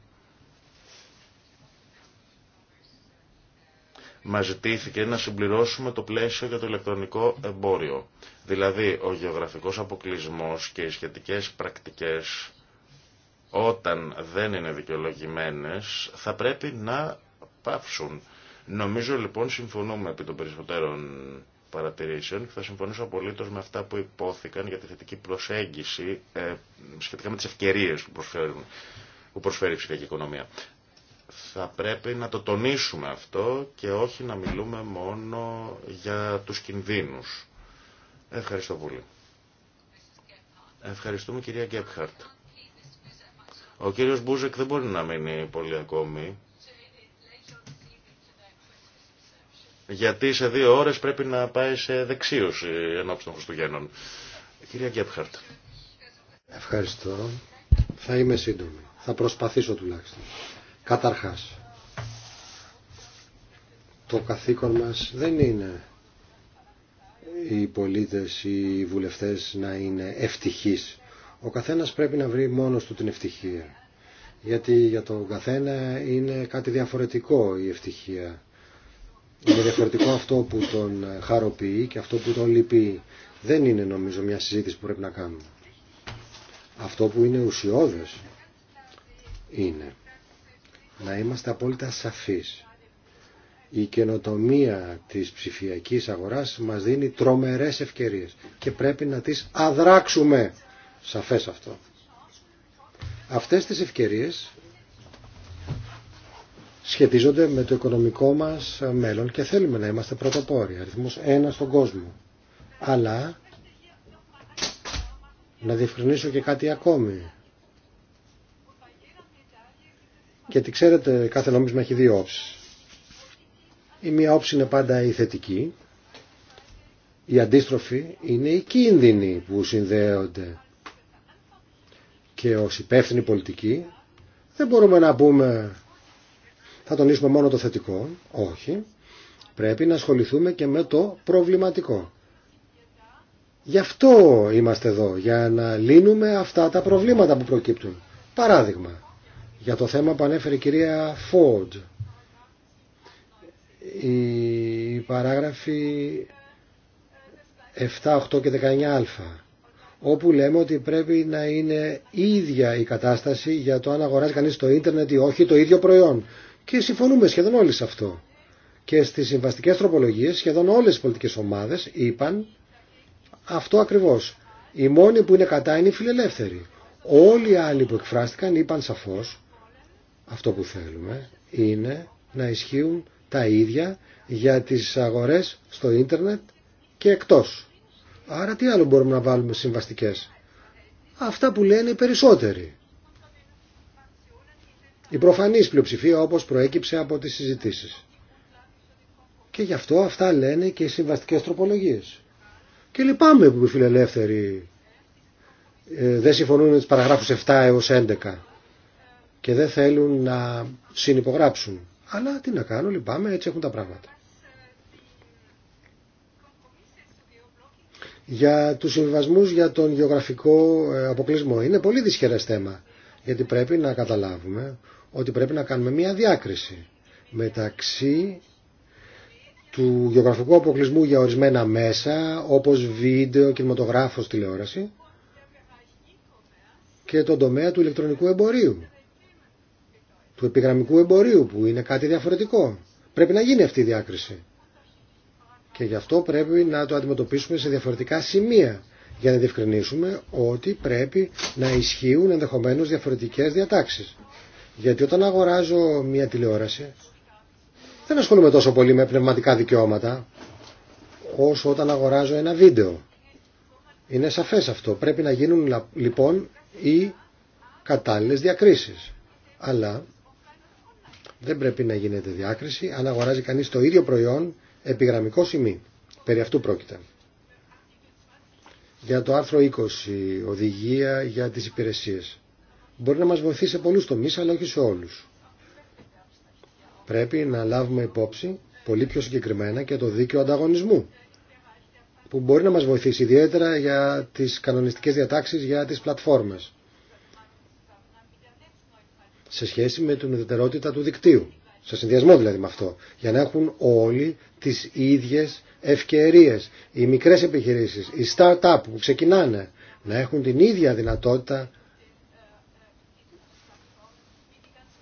μα ζητήθηκε να συμπληρώσουμε το πλαίσιο για το ηλεκτρονικό εμπόριο. Δηλαδή, ο γεωγραφικός αποκλεισμός και οι σχετικές πρακτικές όταν δεν είναι δικαιολογημένες θα πρέπει να πάψουν. Νομίζω λοιπόν συμφωνούμε επί των περισσότερων παρατηρήσεων και θα συμφωνήσω απολύτω με αυτά που υπόθηκαν για τη θετική προσέγγιση ε, σχετικά με τις ευκαιρίες που, που προσφέρει η ψηφιακή οικονομία. Θα πρέπει να το τονίσουμε αυτό και όχι να μιλούμε μόνο για τους κινδύνους. Ευχαριστώ πολύ. Ευχαριστούμε κυρία Γκέπχαρτ. Ο κύριος Μπούζεκ δεν μπορεί να μείνει πολύ ακόμη. Γιατί σε δύο ώρες πρέπει να πάει σε δεξίωση ενώπιση των Χριστουγέννων. Κυρία Γκέπχαρτ. Ευχαριστώ. Θα είμαι σύντομη. Θα προσπαθήσω τουλάχιστον. Καταρχάς, το καθήκον μας δεν είναι οι πολίτες, οι βουλευτές να είναι ευτυχείς ο καθένας πρέπει να βρει μόνος του την ευτυχία. Γιατί για τον καθένα είναι κάτι διαφορετικό η ευτυχία. Είναι διαφορετικό αυτό που τον χαροποιεί και αυτό που τον λυπεί. Δεν είναι νομίζω μια συζήτηση που πρέπει να κάνουμε. Αυτό που είναι ουσιώδες είναι να είμαστε απόλυτα σαφείς. Η καινοτομία της ψηφιακής αγοράς μας δίνει τρομερές ευκαιρίες και πρέπει να τις αδράξουμε. Σαφές αυτό. Αυτές τις ευκαιρίες σχετίζονται με το οικονομικό μας μέλλον και θέλουμε να είμαστε πρωτοπόροι, αριθμός ένα στον κόσμο. Αλλά να διευκρινίσω και κάτι ακόμη. Γιατί ξέρετε κάθε νόμισμα έχει δύο όψεις. Η μία όψη είναι πάντα η θετική, η αντίστροφη είναι η κίνδυνη που συνδέονται και ως υπεύθυνη πολιτική δεν μπορούμε να πούμε θα τονίσουμε μόνο το θετικό. Όχι. Πρέπει να ασχοληθούμε και με το προβληματικό. Γι' αυτό είμαστε εδώ, για να λύνουμε αυτά τα προβλήματα που προκύπτουν. Παράδειγμα, για το θέμα που ανέφερε η κυρία Φόρτ, η παράγραφοι 7, 8 και 19α όπου λέμε ότι πρέπει να είναι ίδια η κατάσταση για το αν αγοράζει κανείς το ίντερνετ ή όχι το ίδιο προϊόν. Και συμφωνούμε σχεδόν όλοι σε αυτό. Και στις συμβαστικές τροπολογίες σχεδόν όλες οι πολιτικές ομάδες είπαν αυτό ακριβώς. Οι μόνοι που είναι κατά είναι οι φιλελεύθεροι. Όλοι οι άλλοι που εκφράστηκαν είπαν σαφώς αυτό που θέλουμε είναι να ισχύουν τα ίδια για τις αγορές στο ίντερνετ και εκτός. Άρα τι άλλο μπορούμε να βάλουμε συμβαστικές. Αυτά που λένε οι περισσότεροι. Η προφανής πλειοψηφία όπως προέκυψε από τις συζητήσεις. Και γι' αυτό αυτά λένε και οι συμβαστικές τροπολογίες. Και λυπάμαι που οι φιλελεύθεροι ε, δεν συμφωνούν με τις παραγράφους 7 έως 11 και δεν θέλουν να συνυπογράψουν. Αλλά τι να κάνω, λυπάμαι, έτσι έχουν τα πράγματα. για τους συμβιβασμούς για τον γεωγραφικό ε, αποκλεισμό. Είναι πολύ δυσχερές θέμα, γιατί πρέπει να καταλάβουμε ότι πρέπει να κάνουμε μία διάκριση μεταξύ του γεωγραφικού αποκλεισμού για ορισμένα μέσα, όπως βίντεο, κινηματογράφος, τηλεόραση, και τον τομέα του ηλεκτρονικού εμπορίου, του επιγραμμικού εμπορίου, που είναι κάτι διαφορετικό. Πρέπει να γίνει αυτή η διάκριση. Και γι' αυτό πρέπει να το αντιμετωπίσουμε σε διαφορετικά σημεία για να διευκρινίσουμε ότι πρέπει να ισχύουν ενδεχομένως διαφορετικές διατάξεις. Γιατί όταν αγοράζω μια τηλεόραση δεν ασχολούμαι τόσο πολύ με πνευματικά δικαιώματα όσο όταν αγοράζω ένα βίντεο. Είναι σαφές αυτό. Πρέπει να γίνουν λοιπόν οι κατάλληλες διακρίσεις. Αλλά δεν πρέπει να γίνεται διάκριση αν αγοράζει κανείς το ίδιο προϊόν επιγραμμικό σημείο. Περί αυτού πρόκειται. Για το άρθρο 20, οδηγία για τις υπηρεσίες. Μπορεί να μας βοηθήσει σε πολλούς τομείς, αλλά όχι σε όλους. Πρέπει να λάβουμε υπόψη πολύ πιο συγκεκριμένα και το δίκαιο ανταγωνισμού που μπορεί να μας βοηθήσει ιδιαίτερα για τις κανονιστικές διατάξεις για τις πλατφόρμες σε σχέση με την ιδιαιτερότητα του δικτύου σε συνδυασμό δηλαδή με αυτό, για να έχουν όλοι τις ίδιες ευκαιρίες. Οι μικρές επιχειρήσεις, οι start-up που ξεκινάνε, να έχουν την ίδια δυνατότητα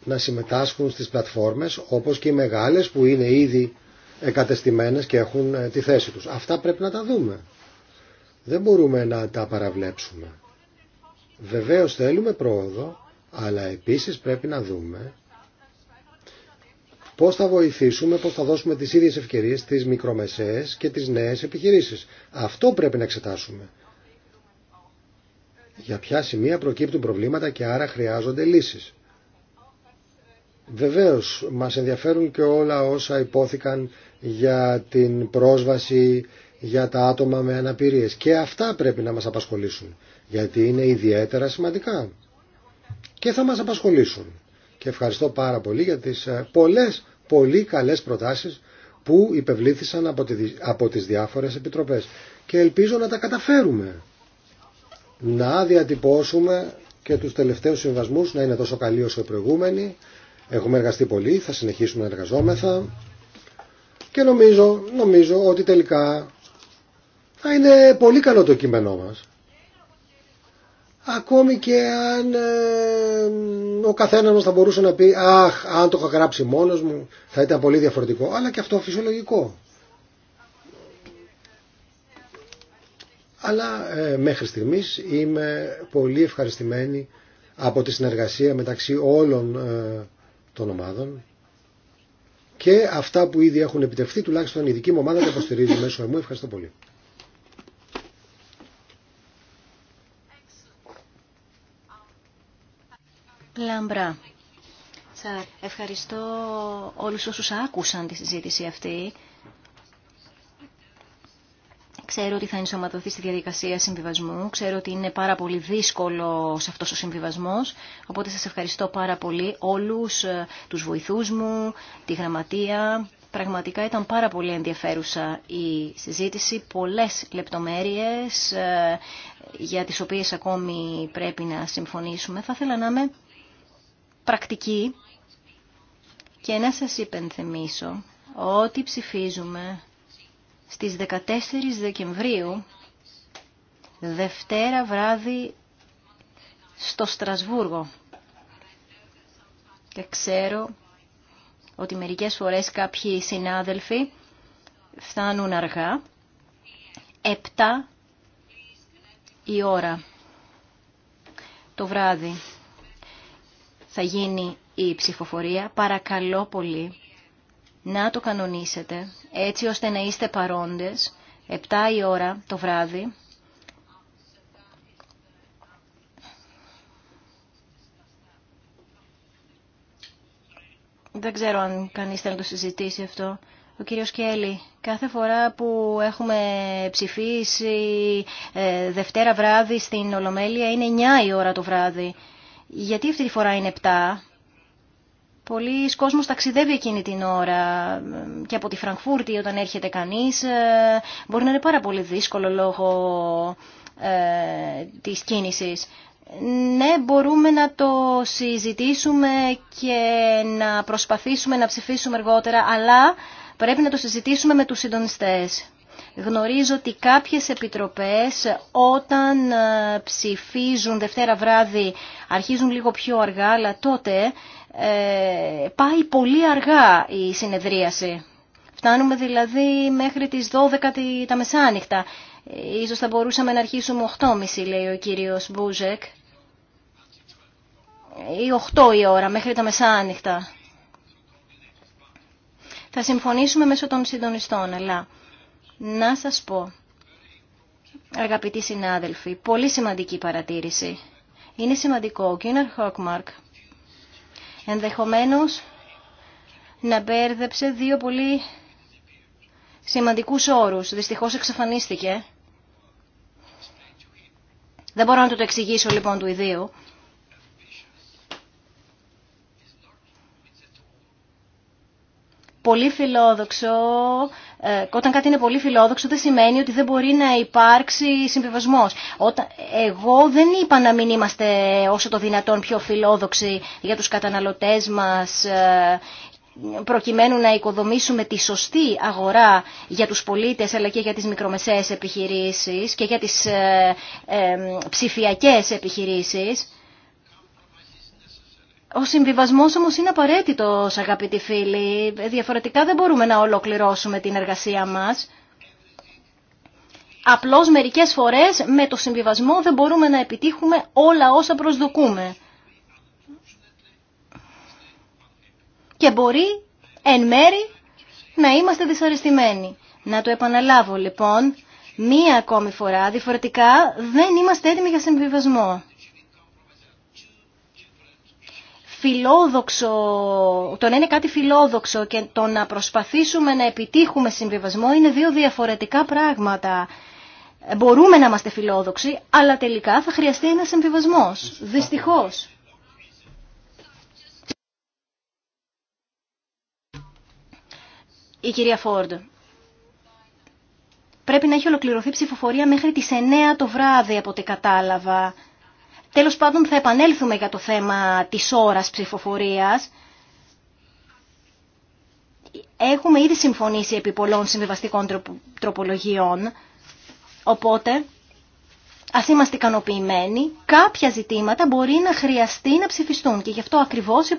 να συμμετάσχουν στις πλατφόρμες όπως και οι μεγάλες που είναι ήδη εκατεστημένες και έχουν ε, τη θέση τους. Αυτά πρέπει να τα δούμε. Δεν μπορούμε να τα παραβλέψουμε. Βεβαίως θέλουμε πρόοδο, αλλά επίσης πρέπει να δούμε Πώς θα βοηθήσουμε, πώς θα δώσουμε τις ίδιες ευκαιρίες στις μικρομεσαίες και τις νέες επιχειρήσεις. Αυτό πρέπει να εξετάσουμε. Για ποια σημεία προκύπτουν προβλήματα και άρα χρειάζονται λύσεις. Βεβαίω, μα ενδιαφέρουν και όλα όσα υπόθηκαν για την πρόσβαση για τα άτομα με αναπηρίες. Και αυτά πρέπει να μας απασχολήσουν, γιατί είναι ιδιαίτερα σημαντικά. Και θα μας απασχολήσουν και ευχαριστώ πάρα πολύ για τις ε, πολλές πολύ καλές προτάσεις που υπευλήθησαν από, τη, από τις διάφορες επιτροπές και ελπίζω να τα καταφέρουμε να διατυπώσουμε και τους τελευταίους συμβασμούς να είναι τόσο καλοί όσο οι προηγούμενοι έχουμε εργαστεί πολύ, θα συνεχίσουμε να εργαζόμεθα και νομίζω, νομίζω ότι τελικά θα είναι πολύ καλό το κείμενό μας ακόμη και αν ε, ο καθένας μας θα μπορούσε να πει «Αχ, αν το είχα γράψει μόνος μου θα ήταν πολύ διαφορετικό», αλλά και αυτό φυσιολογικό. Αλλά ε, μέχρι στιγμής είμαι πολύ ευχαριστημένη από τη συνεργασία μεταξύ όλων ε, των ομάδων και αυτά που ήδη έχουν επιτευχθεί, τουλάχιστον η δική μου ομάδα τα υποστηρίζει μέσω μου. Ευχαριστώ πολύ. λαμπρά. Ευχαριστώ όλους όσους άκουσαν τη συζήτηση αυτή. Ξέρω ότι θα ενσωματωθεί στη διαδικασία συμβιβασμού. Ξέρω ότι είναι πάρα πολύ δύσκολο σε αυτός ο συμβιβασμός. Οπότε σας ευχαριστώ πάρα πολύ όλους ε, τους βοηθούς μου, τη γραμματεία. Πραγματικά ήταν πάρα πολύ ενδιαφέρουσα η συζήτηση. Πολλές λεπτομέρειες ε, για τις οποίες ακόμη πρέπει να συμφωνήσουμε. Θα ήθελα να είμαι πρακτική και να σας υπενθυμίσω ότι ψηφίζουμε στις 14 Δεκεμβρίου, Δευτέρα βράδυ στο Στρασβούργο. Και ξέρω ότι μερικές φορές κάποιοι συνάδελφοι φτάνουν αργά, έπτα η ώρα το βράδυ θα γίνει η ψηφοφορία. Παρακαλώ πολύ να το κανονίσετε έτσι ώστε να είστε παρόντες 7 η ώρα το βράδυ. Δεν ξέρω αν κανείς θέλει να το συζητήσει αυτό. Ο κύριος Κέλλη, κάθε φορά που έχουμε ψηφίσει ε, Δευτέρα βράδυ στην Ολομέλεια είναι 9 η ώρα το βράδυ. Γιατί αυτή τη φορά είναι 7. Πολλοί κόσμος ταξιδεύει εκείνη την ώρα και από τη Φραγκφούρτη όταν έρχεται κανείς ε, μπορεί να είναι πάρα πολύ δύσκολο λόγω ε, της κίνησης. Ναι, μπορούμε να το συζητήσουμε και να προσπαθήσουμε να ψηφίσουμε αργότερα, αλλά πρέπει να το συζητήσουμε με τους συντονιστές. Γνωρίζω ότι κάποιες επιτροπές όταν ε, ψηφίζουν Δευτέρα βράδυ αρχίζουν λίγο πιο αργά, αλλά τότε ε, πάει πολύ αργά η συνεδρίαση. Φτάνουμε δηλαδή μέχρι τις 12 τα μεσάνυχτα. Ε, ίσως θα μπορούσαμε να αρχίσουμε 8.30 λέει ο κύριος Μπούζεκ ή 8 η ώρα μέχρι τα μεσάνυχτα. Θα συμφωνήσουμε μέσω των συντονιστών, αλλά να σας πω, αγαπητοί συνάδελφοι, πολύ σημαντική παρατήρηση. Είναι σημαντικό ο Κίνερ Χόκμαρκ ενδεχομένως να μπέρδεψε δύο πολύ σημαντικούς όρους. Δυστυχώς εξαφανίστηκε. Δεν μπορώ να του το εξηγήσω λοιπόν του ιδίου. Πολύ φιλόδοξο ε, όταν κάτι είναι πολύ φιλόδοξο δεν σημαίνει ότι δεν μπορεί να υπάρξει συμβιβασμός. Εγώ δεν είπα να μην είμαστε όσο το δυνατόν πιο φιλόδοξοι για τους καταναλωτές μας ε, προκειμένου να οικοδομήσουμε τη σωστή αγορά για τους πολίτες αλλά και για τις μικρομεσαίες επιχειρήσεις και για τις ε, ψηφιακές επιχειρήσεις ο συμβιβασμός όμως είναι απαραίτητος αγαπητοί φίλοι, διαφορετικά δεν μπορούμε να ολοκληρώσουμε την εργασία μας. Απλώς μερικές φορές με το συμβιβασμό δεν μπορούμε να επιτύχουμε όλα όσα προσδοκούμε. Και μπορεί εν μέρη να είμαστε δυσαρεστημένοι. Να το επαναλάβω λοιπόν, μία ακόμη φορά, διαφορετικά δεν είμαστε έτοιμοι για συμβιβασμό. φιλόδοξο, το να είναι κάτι φιλόδοξο και το να προσπαθήσουμε να επιτύχουμε συμβιβασμό είναι δύο διαφορετικά πράγματα. Μπορούμε να είμαστε φιλόδοξοι, αλλά τελικά θα χρειαστεί ένα συμβιβασμό. Δυστυχώ. Η κυρία Φόρντ. Πρέπει να έχει ολοκληρωθεί ψηφοφορία μέχρι τις 9 το βράδυ από ό,τι κατάλαβα. Τέλος πάντων θα επανέλθουμε για το θέμα της ώρας ψηφοφορίας. Έχουμε ήδη συμφωνήσει επί πολλών συμβιβαστικών τροπολογιών, οπότε ας είμαστε ικανοποιημένοι. Κάποια ζητήματα μπορεί να χρειαστεί να ψηφιστούν και γι' αυτό ακριβώς